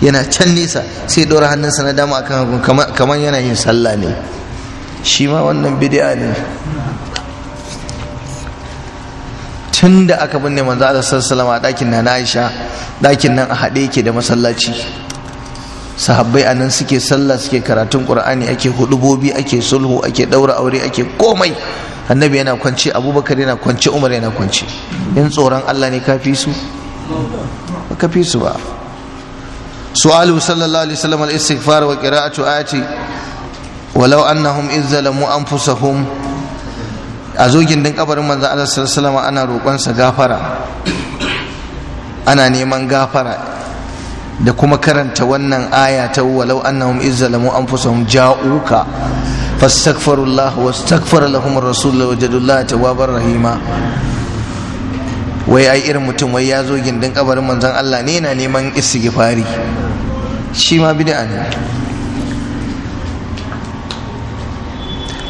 yana can nesa sai dora hannunsa na dama akan hagun kamar yana yin sallah ne shi ma wannan bid'a ne tun da aka binne manzo Allah sallallahu alaihi wasallam a dakin nan Aisha ɗakin nan a haɗe yake da masallaci sahabbai a nan suke sallah suke karatun qur'ani ake hudubobi ake sulhu ake daura aure ake komai annabi yana kwance abubakar yana kwance umar yana kwance in tsoron allah ne ka fi su ka fi su ba su'alu sallallahu alaihi wasallam al-istighfar wa qira'atu ayati walau annahum izzalamu anfusahum a zogin gindin kabarin manzo Allah sallallahu alaihi wasallam ana roƙon sa gafara ana neman gafara da kuma karanta wannan aya ta walau annahum izzalamu anfusahum ja'uka fastaghfiru Allah wastaghfara lahum ar-rasul wajadu Allah tawwabar rahima wai ai irin mutum wai ya zo gindin kabarin manzon Allah ne yana neman istighfari shi ma bid'a ne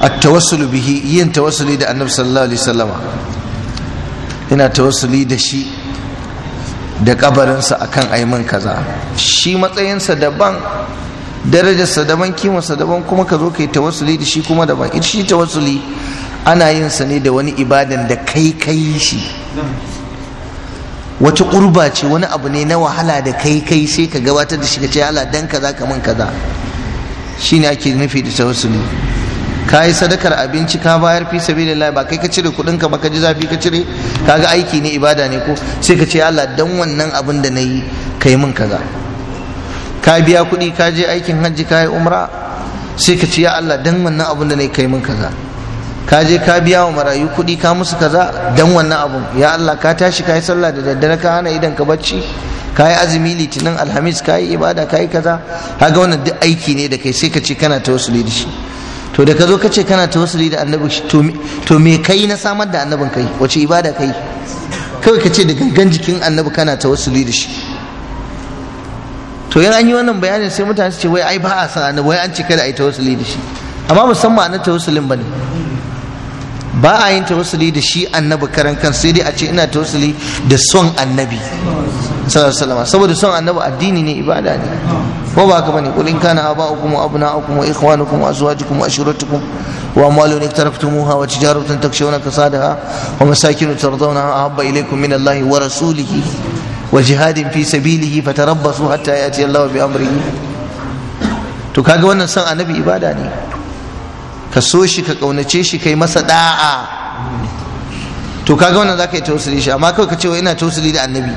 at-tawassul bihi yin tawassuli da annabi sallallahu alaihi wasallama ina tawassuli da shi da kabarinsa akan aimin kaza shi matsayinsa daban darajarsa daban kimarsa daban kuma ka zo ka yi tawassuli da shi kuma daban ita shi tawassuli ana yin sa ne da wani ibadan da kai kai shi wata ƙurba ce wani abu ne na wahala da kai kai sai ka gabatar da shi ka ce ala dan kaza kaman kaza shine ake nufi da tawassuli ka yi sadakar abinci ka bayar fi da ba kai ka cire kudin ka ba ka ji zafi ka cire kaga aiki ne ibada ne ko sai ka ce Allah dan wannan abin da na yi ka yi min kaza ka biya kuɗi ka je aikin hajji ka yi umra sai ka ce ya Allah dan wannan abin da na yi ka yi min kaza ka je ka biya wa marayu kuɗi ka musu kaza dan wannan abun ya Allah ka tashi ka yi sallah da daddare ka hana idan ka bacci ka yi azumi litinin alhamis ka yi ibada ka yi kaza kaga wannan duk aiki ne da kai sai ka ce kana tawassuli da shi to da ka zo ka ce kana ta wasu da annabi to me kai na samar da annabin kai wace ibada kai kawai ka ce da gangan jikin annabi kana ta wasu da shi to yan an yi wannan bayanin sai mutane su ce wai ai ba a san annabi wai an ce kada ai wasu da shi amma musamman na ta wasu ba ne. ba a yin tawassuli da shi annabi karan kan sai dai a ce ina tawassuli da son annabi sallallahu saboda son annabi addini ne ibada ne ko ba ka bane qul in kana aba'ukum wa abna'ukum wa ikhwanukum wa azwajukum wa ashiratukum wa amwalun iktaraftumuha wa tijaratan takshawna kasadaha wa masakin tardawna ahabba ilaykum min Allahi wa rasulihi wa jihadin fi sabilihi fatarabbasu hatta ya'ti Allahu bi amrihi to kaga wannan son annabi ibada ne ka so shi ka kaunace shi kai masa da'a to kaga wannan zaka yi tausiri shi amma kawai ka ce wa ina tausiri da annabi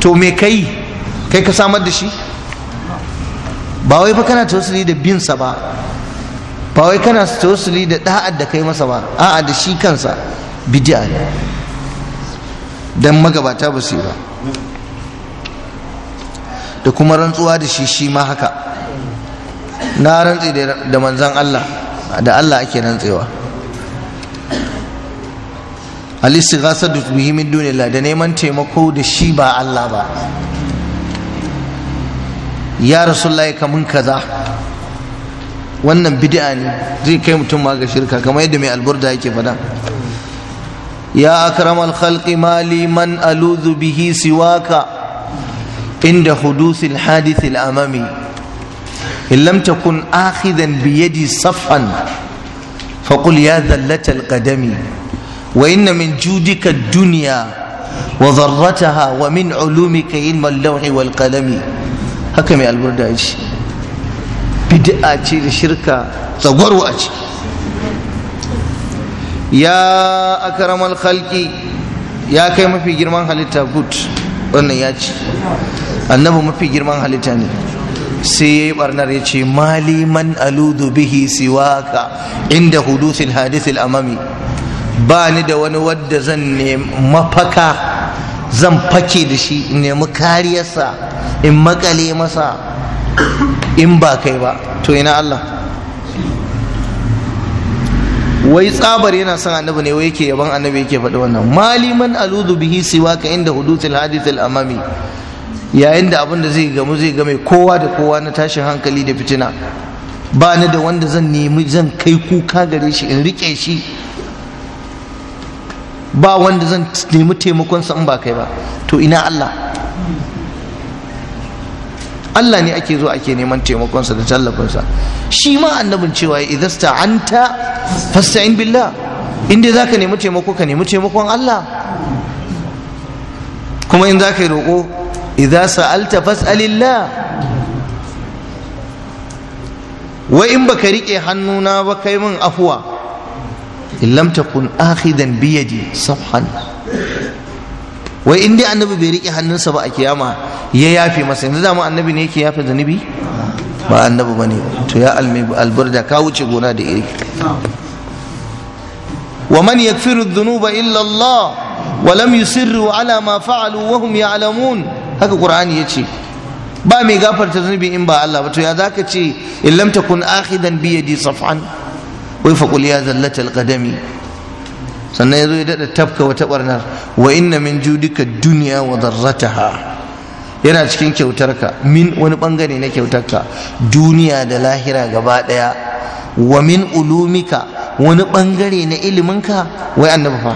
to me kai kai ka samar da shi ba wai fa kana tausiri da bin sa ba ba wai kana tausiri da da'a da kai masa ba a'a da shi kansa bid'a ne dan magabata ba su yi ba da kuma rantsuwa da shi shi ma haka na rantsi da manzan Allah da Allah ake rantsewa Ali istighasa da buhimin duniya da neman taimako da shi ba Allah ba ya rasulullahi kamun kaza wannan bid'a ne zai kai mutum ma ga shirka kamar yadda mai alburda yake faɗa ya akramal khalqi mali man aludhu bihi siwaka inda hudusil hadithil amami in lam takun akhidan bi yadi safan faqul ya dhallata qadami wa inna min judika ad-dunya wa dharrataha wa min ulumika ilma al-lawhi wal qalami haka mai alburda ce bid'a ce da shirka tsagwarwa ce ya akramal khalqi ya kai mafi girman halitta gut wannan ya ce annabi mafi girman halitta ne sai ya yi barnar ya ce maliman aludu bihi siwaka inda hudusin hadisil amami ba ni da wani wadda zan mafaka zan fake da shi nemi kariyarsa in makale masa in ba kai ba to ina Allah wai tsabar yana son annabi ne wai yake yaban annabi yake faɗi wannan maliman aludu bihi siwaka inda hudusil hadisil amami yayin da abin da zai gamu zai game kowa da kowa na tashin hankali da fitina ba ni da wanda zan nemi zan kai kuka gare shi in rike shi ba wanda zan nemi taimakonsa in ba kai ba to ina Allah Allah ne ake zo ake neman taimakonsa da tallafinsa shi ma annabin cewa idan sta'anta fasta'in billah inda za ka nemi taimako ka nemi taimakon Allah kuma in za ka roƙo idza sa'alta fas'alillah wa in baka rike hannuna ba kai min afwa in lam takun akhidan bi yadi safhan wai in dai annabi bai rike hannunsa ba a kiyama ya yafe masa yanzu dama annabi ne yake yafe zanubi ba annabi ba ne to ya albarda ka wuce gona da iri wa man yakfiru dhunuba illa Allah wa lam yusirru ala ma fa'alu wa hum ya'lamun haka qur'ani ya ce ba mai gafarta zunubi in ba Allah ba to ya zaka ce in lam takun akhidan bi yadi safan wai fa qul ya zallata alqadami sannan yazo ya dada tafka wata barnar wa inna min judika dunya wa darrataha yana cikin kyautarka min wani bangare na kyautarka duniya da lahira gaba daya wa min ulumika wani bangare na iliminka wai annabi fa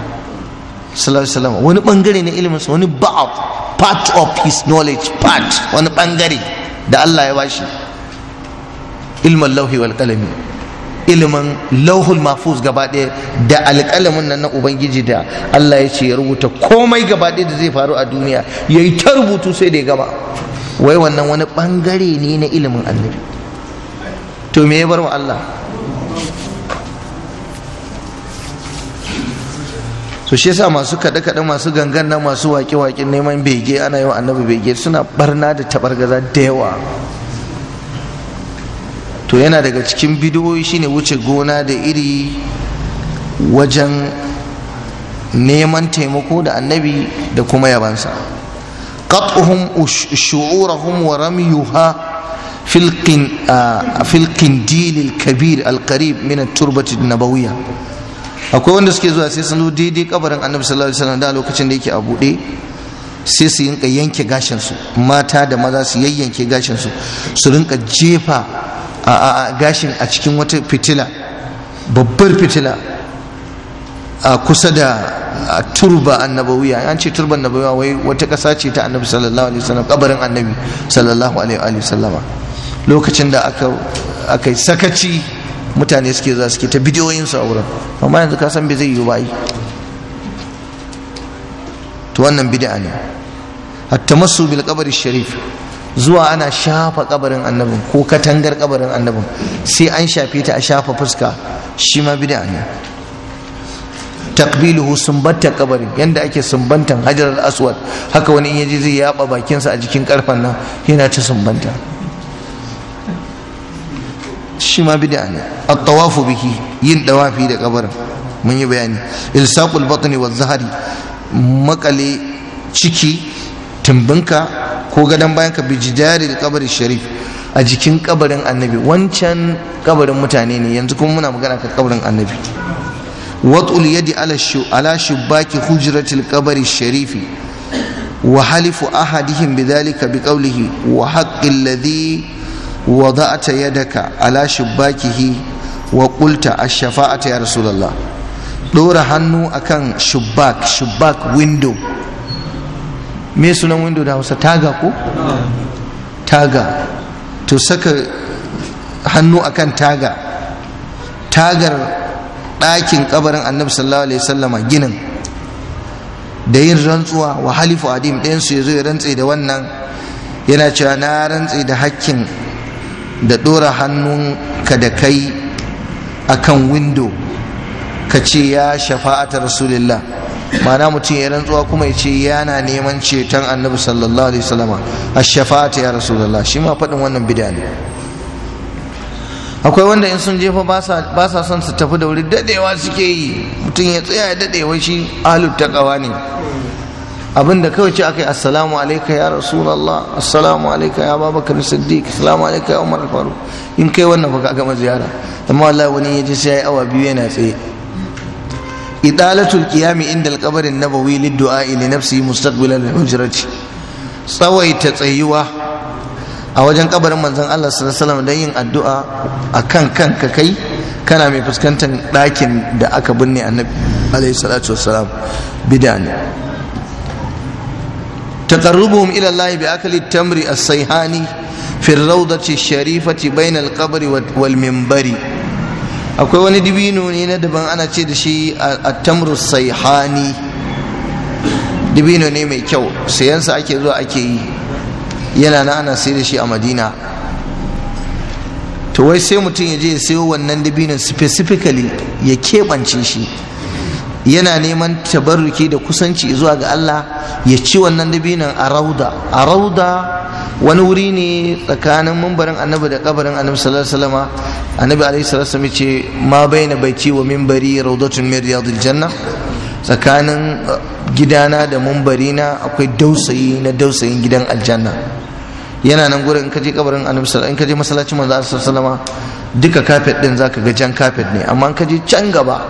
sallallahu alaihi wasallam wani bangare na iliminsa wani ba'd part of his knowledge part wani bangare da Allah ya bashi ilmin lauhi wal kalami ilimin lauhul mafuz gaba ɗaya da alƙalamin nan na ubangiji da Allah ya ce ya rubuta komai gaba ɗaya da zai faru a duniya ya yi ta rubutu sai da ya gama wai wannan wani bangare ne na ilimin annabi to me ya bar wa Allah to shi yasa masu kaɗe kaɗe masu gangan na masu waƙe waƙen neman bege ana yawan annabi bege suna barna da tabargaza da yawa to yana daga cikin bidiyoyi shine wuce gona da iri wajen neman taimako da annabi da kuma yabansa qat'uhum shu'urahum wa ramyuha في kabir في القنديل الكبير القريب turbati التربة النبوية akwai wanda suke zuwa sai sun zo daidai kabarin annabi sallallahu alaihi wasallam da lokacin da yake a bude sai su yinka yanke gashin su mata da maza su yayyanke gashin su su rinka jefa a gashin a cikin wata fitila babbar fitila a kusa da turba annabawiya an ce turban annabawiya wai wata ƙasa ce ta annabi sallallahu alaihi wasallam kabarin annabi sallallahu alaihi wasallama lokacin da aka yi sakaci mutane suke za su ke ta su a wurin amma yanzu ka san bai zai yiwu ba to wannan bid'a ne hatta masu bil kabarin sharif zuwa ana shafa kabarin annabin ko katangar kabarin annabin sai an shafe ta a shafa fuska shi ma bid'a ne takbiluhu sumbantan kabari yanda ake sumbantan hajar al-aswad haka wani in yaji zai yaba bakinsa a jikin karfan nan yana ta sumbanta shi ma bid'a ne at-tawafu bihi yin dawafi da kabarin mun yi bayani ilsaqul batni wa zahari makale ciki tumbinka ko gadon bayan ka bijidari da kabarin sharif a jikin kabarin annabi wancan kabarin mutane ne yanzu kuma muna magana kan kabarin annabi watul yadi ala shu ala shubaki hujratil qabri sharifi wa halifu ahadihim bidhalika biqawlihi wa haqqi alladhi وضعت يدك على شباكه وقلت الشفاعة يا رسول الله دور هنو أكن شباك شباك ويندو me sunan window da hausa taga ko taga to saka hannu akan taga tagar ɗakin kabarin annabi sallallahu alaihi wasallama ginin da yin rantsuwa wa halifu adim ɗayansu ya zo ya rantse da wannan yana cewa na rantse da hakkin da ɗora ka da kai a kan windo ka ce ya shafa'ata rasulillah ma'ana mutum ya rantsuwa kuma ya ce yana neman ceton annabi sallallahu alaihi wasallama a shafa'ata ya rasulullah shi ma faɗin wannan bid'a ne akwai wanda in sun jefa ba sa son su tafi da wuri daɗewa suke yi mutum ya tsaya ya dade wai shi ahlul ne abin da kawai ce aka yi assalamu alaika ya rasulallah assalamu alaika ya babakar siddiq assalamu alaika ya umar faru in kai wannan baka gama ziyara amma Allah wani ya ji sai ya awa biyu yana tsaye idalatul qiyami inda alqabarin nabawi lid-du'a li nafsi mustaqbil al-hujrati tsawaita tsayuwa a wajen kabarin manzon Allah sallallahu alaihi wasallam don yin addu'a akan kanka kai kana mai fuskantar ɗakin da aka binne annabi alaihi salatu wassalam bid'a ne تقربهم إلى الله بأكل التمر السيحاني في الروضة الشريفة بين القبر والمنبر akwai wani dibino ne na daban ana ce da shi a tamru saihani dibino ne mai kyau sayansa ake zuwa ake yi yana na ana sai da shi a madina to wai sai mutum ya je ya sayo wannan dibino specifically ya keɓance shi yana neman tabarruki da kusanci zuwa ga Allah ya ci wannan dabinan a rauda a rauda wani wuri ne tsakanin mambarin annabi da kabarin annabi sallallahu alaihi wasallam annabi alaihi sallallahu alaihi ce ma baina baiti wa mimbari raudatun min riyadil janna tsakanin uh, gidana da mimbarina akwai dausayi na dausayin gidan aljanna yana nan gurin ka je kabarin annabi sallallahu in ka je masallacin manzo sallallahu alaihi wasallam duka kafet din zaka ga jan kafet ne amma in ka je can gaba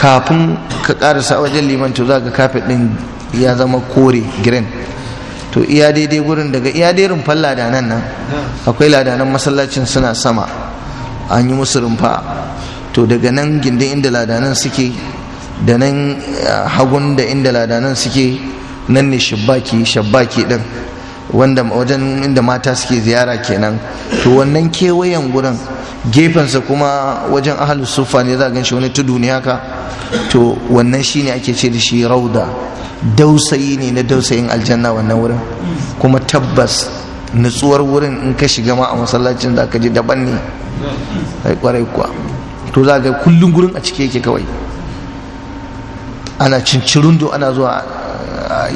kafin ka karasa wajen liman to za ka kafet ɗin ya zama kore green to iya daidai gurin daga iya dai rumfan ladanan nan akwai ladanan masallacin suna sama an yi musu rumfa to daga nan gindin inda ladanan suke da nan ah, hagun da inda ladanan suke nan ne shabbaki shabbaki din. wanda wajen inda mata suke ziyara kenan to wannan kewayen gurin gefensa kuma wajen ahalu sufa ne za a ganshi wani tudu ne haka to wannan shine ake ce da shi rauda dausayi ne na dausayin aljanna wannan wurin kuma tabbas nutsuwar wurin in ka shiga ma a masallacin za ka je daban ne kwarai kuwa to za ga kullum gurin a cike yake kawai ana cincirundo ana zuwa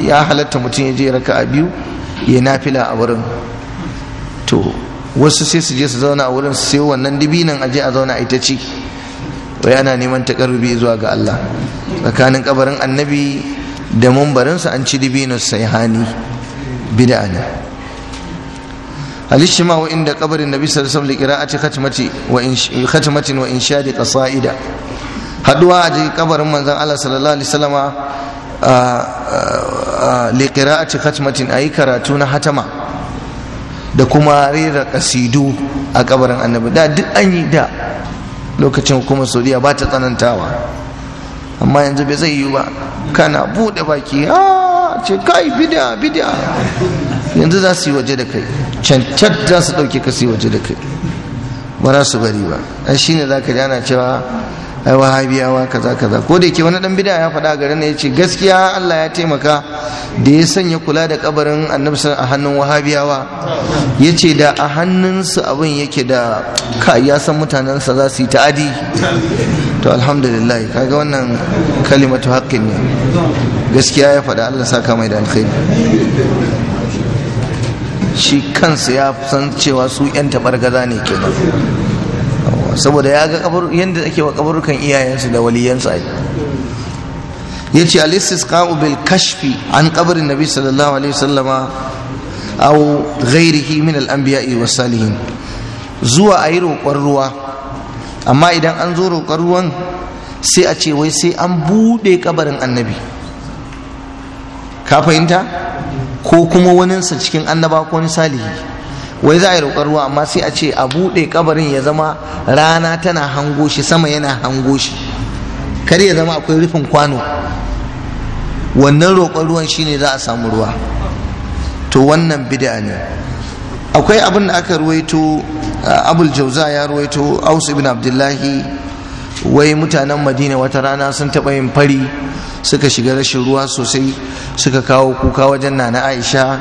ya halatta mutum ya je raka'a biyu ya nafila a wurin to wasu sai su je su zauna a wurin su sayo wannan dibinan aje a zauna a ita ci wai ana neman takarrubi zuwa ga Allah tsakanin kabarin annabi da mumbarinsa an ci sai sayhani bid'a ne alishma wa inda kabarin nabi sallallahu alaihi wasallam liqira'ati khatmati wa in khatmati wa inshadi qasaida haduwa a kabarin manzon Allah sallallahu alaihi wasallama a cikin matin a yi karatu na hatama da kuma rera ƙasidu a kabarin annabi da duk an yi da lokacin hukumar saudiya ba ta tsanantawa amma yanzu bai zai yi ba kana buɗe baki a ce kai bida bida yanzu za su yi waje da kai cancat za su ɗauke ka su waje da kai ba za su bari ba ai shine za ka ji cewa ai wahabiyawa kaza kaza ko da yake wani dan bid'a ya faɗa garin ne yace gaskiya Allah ya taimaka da ya sanya kula da kabarin Annabi a hannun wahabiyawa yace da a hannunsu abin yake da ka ya san mutanen sa za su yi ta'adi to alhamdulillah kaga wannan kalimatu haqqin ne gaskiya ya faɗa Allah saka mai da alkhairi shi kansa ya san cewa su 'yan taɓar gaza ne kenan saboda ya ga yadda ake wa kaburukan iyayensu da waliyansu ai yace al-istisqa'u bil kashfi an kabarin nabi sallallahu alaihi wasallama aw ghairihi min al-anbiya'i was salihin zuwa ayi roƙon ruwa amma idan an zo roƙon ruwan sai a ce wai sai an buɗe kabarin annabi ka fahimta ko kuma waninsa cikin annaba ko wani salihi wai za a yi roƙar ruwa amma sai a ce a buɗe kabarin ya zama rana tana hango shi sama yana hango shi kar ya zama akwai rufin kwano wannan roƙon ruwan shine za a samu ruwa to wannan bid'a ne akwai abin da aka ruwaito abul jauza ya ruwaito aus ibn abdullahi wai mutanen madina wata rana sun taɓa yin fari suka shiga rashin ruwa sosai suka kawo kuka wajen nana aisha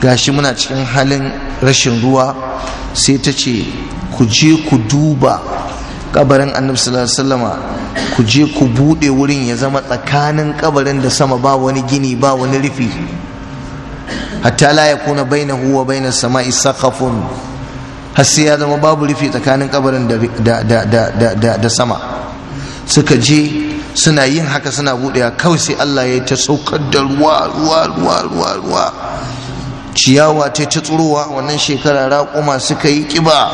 gashi muna cikin halin rashin ruwa sai ta ce ku je ku duba kabarin annabi sallallahu alaihi ku je ku bude wurin ya zama tsakanin kabarin da sama ba wani gini ba wani rufi hatta la yakuna bainahu wa bainas sama'i saqafun har sai ya zama babu rufi tsakanin kabarin da da da da da sama suka je suna yin haka suna budewa kawai sai Allah ya ta saukar da ruwa ruwa ruwa ruwa ruwa ciyawa ta ta tsurowa a wannan shekara raƙuma suka yi ƙiba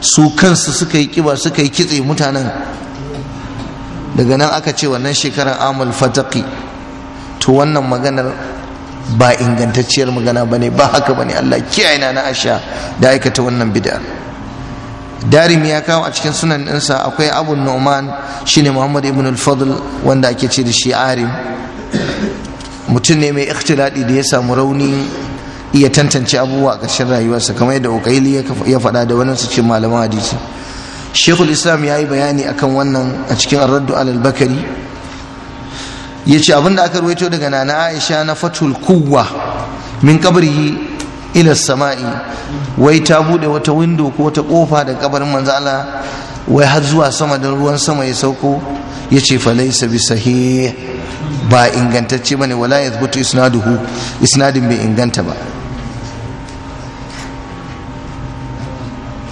su kansu suka yi ƙiba suka yi kitse mutanen daga nan aka ce wannan shekarar amul fataki to wannan maganar ba ingantacciyar magana ba ne ba haka ba ne Allah kiyaye na na asha da aikata wannan bid'a darimi ya kawo a cikin sunan ɗinsa akwai abu shi shine muhammad ibn al-fadl wanda ake ce da shi arim mutum ne mai ikhtiladi da ya samu rauni iya tantance abubuwa a ƙarshen rayuwarsa kamar yadda ukaili ya faɗa da wani su ce malaman hadisi shekul islam ya yi bayani akan wannan a cikin arraddu alal bakari ya ce abinda aka ruwaito daga nana aisha na fatul kuwa min kabari ila sama'i wai ta bude wata windo ko wata kofa da kabarin manzo wai har zuwa sama da ruwan sama ya sauko ya ce falaisa bi sahih ba ingantacce bane wala zubutu isnaduhu isnadin bai inganta ba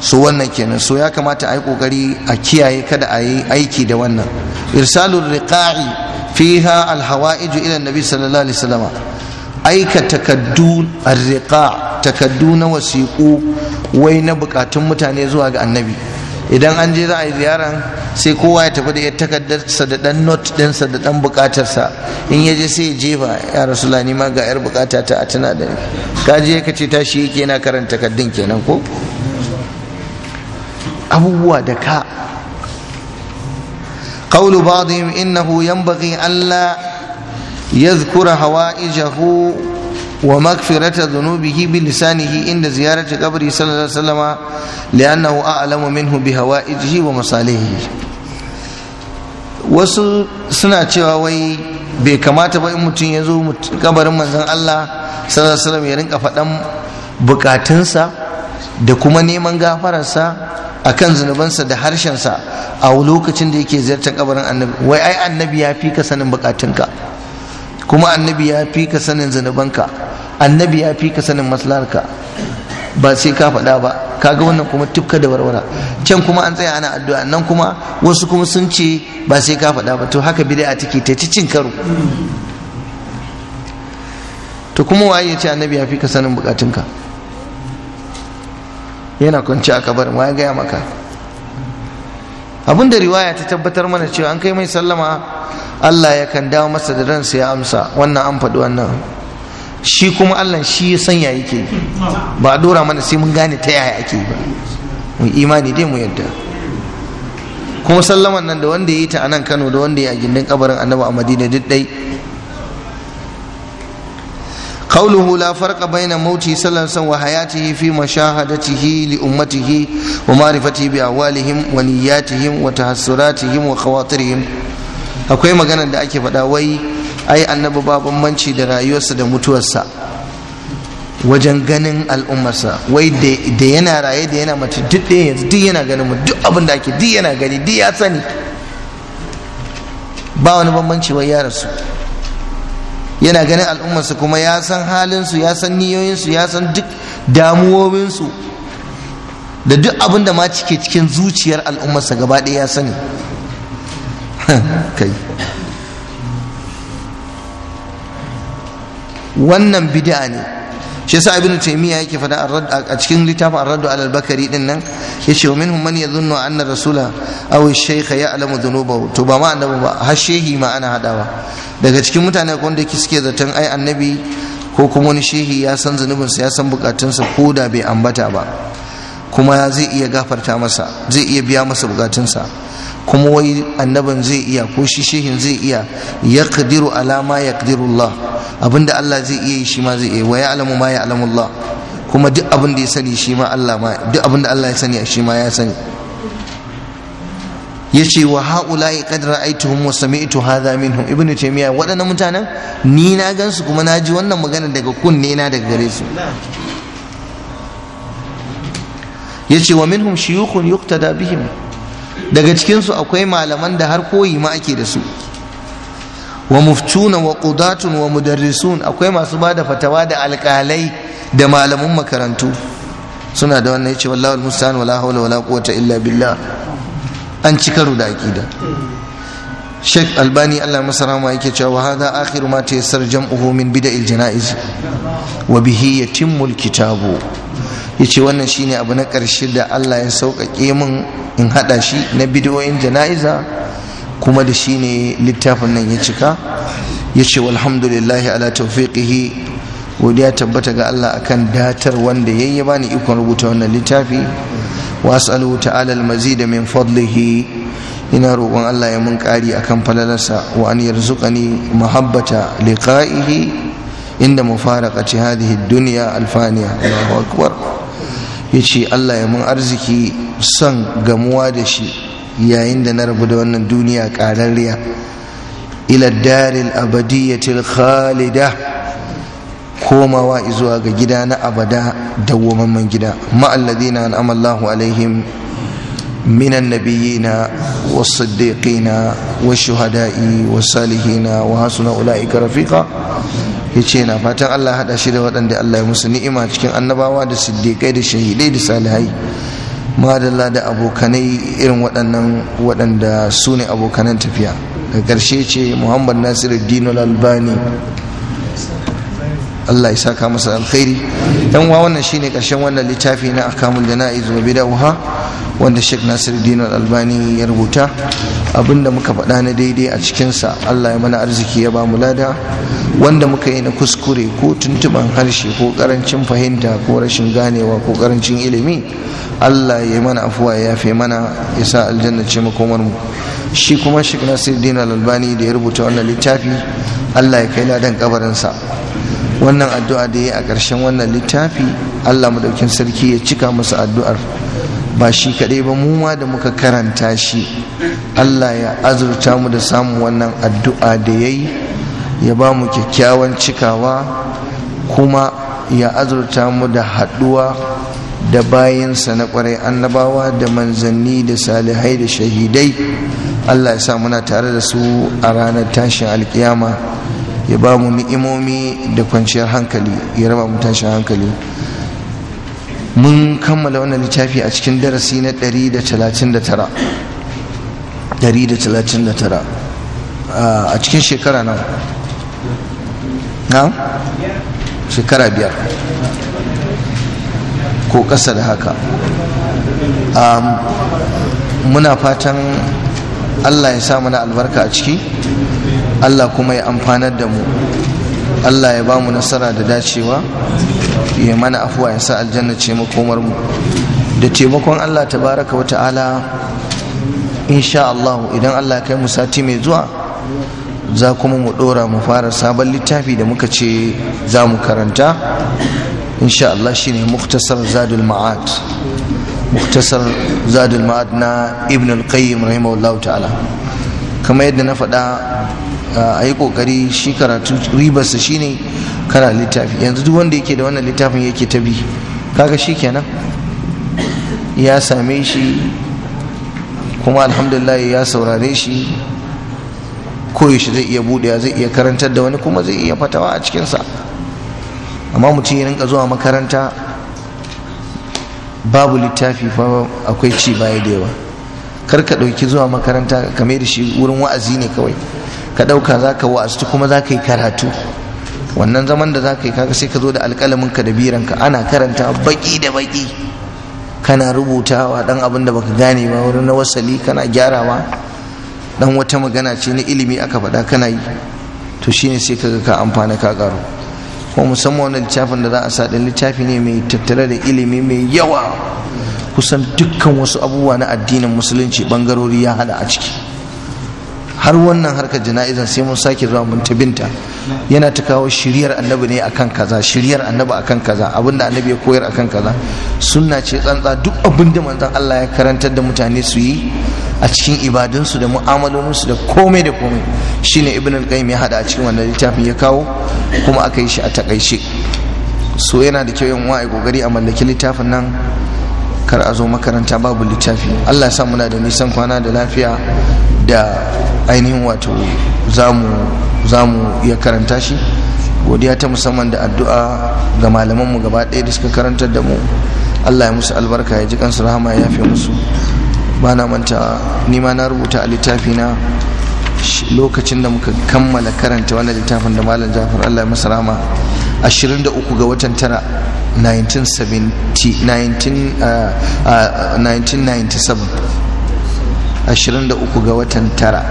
so wannan kenan so ya kamata a yi kokari a kiyaye kada a yi aiki da wannan irsalul riqa'i fiha alhawa'ij ila annabi sallallahu alaihi wasallam aika takaddu arriqa takaddu na wasiqu wai na bukatun mutane zuwa ga annabi idan an je za a yi ziyaran sai kowa ya tafi da ya takardarsa da dan not dinsa da dan bukatarsa in ya je sai ya jefa ya rasula ni ma ga yar bukata ta a tana da ni ka je ka ce tashi yake na karanta takardun kenan ko abubuwa da ka قول بعضهم إنه ينبغي ألا yadhkura hawa'ijahu ومغفرة ذنوبه بلسانه عند زيارة قبره صلى الله عليه وسلم لأنه أعلم منه بهوائجه ومصالحه wasu suna cewa wai bai kamata ba in mutum ya zo kabarin manzon Allah sallallahu alaihi ya rinka faɗan bukatunsa da kuma neman gafararsa a kan zunubansa da harshensa a lokacin da yake ziyartar kabarin annabi wai ai annabi ya fi ka sanin bukatunka kuma annabi ya fi ka sanin zunubanka annabi ya fi ka sanin maslarka ba sai ka faɗa ba kaga wannan kuma tufka da warwara can kuma an tsaya ana addu'a nan kuma wasu kuma sun ce ba sai ka faɗa ba to haka bid'a take ta cin karo to kuma waye ya ce annabi ya fi ka sanin bukatunka yana kwanci a kabarin waye gaya maka abinda riwaya ta tabbatar mana cewa an kai mai sallama Allah ya kan dawo masa da ransa ya amsa wannan an faɗi wannan shi kuma Allah shi ya sanya yake ba a dora mana sai mun gane ta yaya ake ba mu imani dai mu yadda kuma sallaman nan da wanda ya yi ta a nan Kano da wanda ya yi a gindin kabarin Annabi a Madina duk dai قوله لا فرق بين موته صلى الله عليه وسلم وحياته في مشاهدته لأمته ومعرفته wa ونياتهم وتحسراتهم وخواطرهم akwai maganar da ake faɗa wai ai annabi ba bambanci da rayuwarsa da mutuwarsa wajen ganin al'ummarsa wai da yana raye da yana mace duk ɗaya yanzu duk yana ganin mu duk abin da ake duk yana gani duk ya sani ba wani bambanci wai ya rasu yana ganin al'ummarsa kuma ya san halinsu ya san niyoyinsu ya san duk damuwowinsu da duk abin da ma cike cikin zuciyar al'ummarsa gaba ɗaya ya sani kai wannan bid'a ne shi yasa ibnu taymiya yake fada a cikin littafin ar-raddu al bakari din nan yace wa minhum man yadhunnu anna rasula aw ash-shaykha ya'lamu dhunubahu to ba ma annabi ba har shehi ma ana hadawa daga cikin mutane ko wanda suke zaton ai annabi ko kuma wani shehi ya san zunubinsa ya san bukatunsa ko da bai ambata ba kuma zai iya gafarta masa zai iya biya masa bukatunsa kuma wai annaban zai iya ko shi shehin zai iya ya kadiru alama ya Allah abinda Allah zai iya yi shi ma zai iya wa ya alamu ma ya alamu Allah kuma duk abin da ya sani shi ma Allah ma duk abin da Allah ya sani shi ma ya sani Ya ce wa haula'i qad ra'aytuhum wa sami'tu hadha minhum ibnu taymiya waɗannan mutanen ni na gansu kuma na ji wannan magana daga kunne na daga gare su Ya ce wa minhum shuyukhun yuqtada bihim daga cikinsu akwai malaman da har koyi ma ake da su wa muftuna wa qudatun wa mudarrisun akwai masu ba da fatawa da alƙalai da malaman makarantu suna da wannan yace wallahi almustaan wala hawla wala quwwata illa billa!" an cika ru da aqida Sheikh Albani Allah masa rahama yake cewa hada akhiru ma tayassar jam'uhu min bida'il janaiz wa bihi yatimmu alkitabu yace wannan shine abu na karshe da Allah ya sauƙaƙe min in hada shi na in janaiza kuma da shine littafin nan ya cika yace walhamdulillahi ala tawfiqihi godiya tabbata ga Allah akan datar wanda yayi bani ikon rubuta wannan littafi wa as'alu ta'ala almazida min fadlihi ina roƙon Allah ya mun ƙari kan falalarsa wa an yarzuqani mahabbata liqa'ihi inda mufaraqati hadhihi dunya alfaniya Allahu akbar yace Allah ya mun arziki son gamuwa da shi yayin da na rabu da wannan duniya ƙararriya ila daril abadiyatil khalida komawa izuwa ga gida na abada dawwamamman gida ma'allazina an'ama Allahu alaihim من النبيين والصديقين والشهداء والصالحين وحسن اولئك رفيقا yace na fatan Allah haɗa shi da waɗanda Allah ya musu ni'ima cikin annabawa da siddiƙai da shahidai da salihai madalla da abokanai irin waɗannan waɗanda su ne abokanan tafiya daga ƙarshe ce muhammad Nasiru al-albani Allah ya saka masa alkhairi dan wa wannan shine ƙarshen wannan littafi na akamul jana'iz wa bidawha wanda sheikh nasir al-albani ya rubuta abinda muka faɗa na daidai a cikinsa allah ya mana arziki ya ba mu lada wanda muka yi na kuskure ko tuntuban harshe ko karancin fahimta ko rashin ganewa ko karancin ilimi allah ya mana afuwa ya yafe mana ya sa aljanna ce makomar mu shi kuma sheikh nasiruddin al-albani da ya rubuta wannan littafi allah ya kai ladan kabarinsa wannan addu'a da ya yi a ƙarshen wannan littafi allah madaukin sarki ya cika masa addu'ar ba shi kaɗai ba mu ma da muka karanta shi Allah ya azurta mu da samun wannan addu'a da ya yi ya ba mu kyakkyawan cikawa kuma ya azurta mu da haɗuwa da bayansa na ƙwarai annabawa da manzanni da salihai da shahidai Allah ya sa muna tare da su a ranar tashin alkiyama ya ba mu ni'imomi da kwanciyar hankali ya raba mu tashin hankali mun kammala wannan littafi a cikin darasi na 139 a cikin shekara nan, na shekara biyar ko ƙasa da haka muna fatan allah ya sa mana albarka a ciki allah kuma ya amfanar da mu Allah ya ba mu nasara da dacewa ya mana afuwa ya sa aljanna ce makomar mu da taimakon Allah tabaraka wa ta'ala insha Allah idan Allah ya kai mu sati mai zuwa za kuma mu dora mu fara sabon littafi da muka ce za mu karanta insha Allah shine muktasar zadul ma'ad muktasar zadul ma'ad na ibn al-qayyim rahimahullah ta'ala kamar yadda na faɗa a yi kokari shi karatu ribarsa shine kara littafi yanzu duk wanda yake da wannan littafin yake ta bi kaga shi kenan ya same shi kuma alhamdulillah ya saurare shi koyaushe zai iya buɗewa zai iya karantar da wani kuma zai iya fatawa a cikinsa amma mutum ya rinka zuwa makaranta babu littafi fa akwai ci baya da yawa kar ka ɗauki zuwa makaranta kamar da shi wurin wa'azi ne kawai ka ɗauka za ka tu kuma za ka yi karatu wannan zaman da za ka yi kaga sai ka zo da alƙalamin ka da biranka ana karanta baƙi da baƙi kana rubutawa dan abin da baka gane ba wurin na wasali kana gyarawa Dan wata magana ce na ilimi aka faɗa kana yi to shine sai kaga ka amfana ka karo. kuma musamman wannan littafin da za a sa ɗin littafi ne mai tattare da ilimi mai yawa kusan dukkan wasu abubuwa na addinin musulunci bangarori ya haɗa a ciki har wannan harkar jana'izan sai mun sake zuwa mun ta binta yana ta kawo shiriyar annabi ne akan kaza shiriyar annabi akan kaza abinda annabi ya koyar akan kaza sunna ce tsantsa duk da manzon Allah ya karantar da mutane su yi a cikin ibadunsu da mu'amalolinsu da komai da komai shine ibn al-qayyim ya hada a cikin wannan littafin ya kawo kuma aka yi shi a takaice so yana da kyau yin wa'ai kokari a mallaki littafin nan kar a zo makaranta babu littafi Allah ya sa muna da nisan kwana da lafiya da ainihin wato za mu iya karanta shi godiya ta musamman da addu'a ga malamanmu gaba ɗaya da suka karantar da mu allah ya musu albarka ya ji kansu rahama ya yafe musu ba na manta nima na rubuta a littafi na lokacin da muka kammala karanta wannan littafin da malam jafar allah ya musu rahama 23 ga watan tara 1997 uh, uh, ga watan tara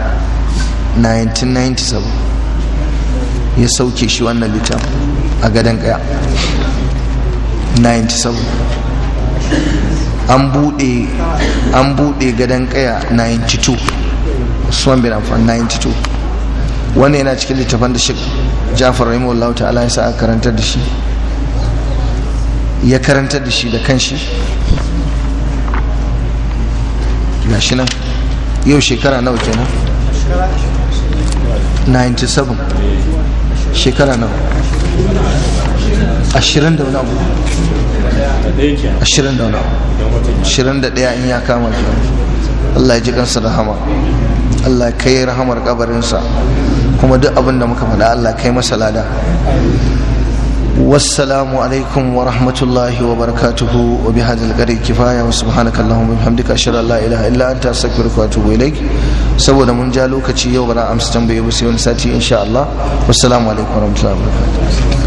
1997 ya sauke shi wannan litan a gadon kaya 97 an bude gadon kaya 92 usman bin amfan 92 wannan yana cikin littafan da shi jafar rahimahullahu ta'ala ya sa'a karantar da shi ya karantar da shi da kanshi gashi nan yau shekara nawa kenan 97 shekara na 21 in ya kama ke Allah ya ji kansa da hama Allah kai rahamar kabarinsa kuma duk abin da muka faɗa Allah kai masa lada والسلام عليكم ورحمة الله وبركاته وبهذا القدر كفاية وسبحانك اللهم وبحمدك أشهد أن لا إله إلا أنت أستغفرك وأتوب إليك saboda mun ja lokaci yau ba za a amsa tambaye ba sai wani sati insha Allah wassalamu alaikum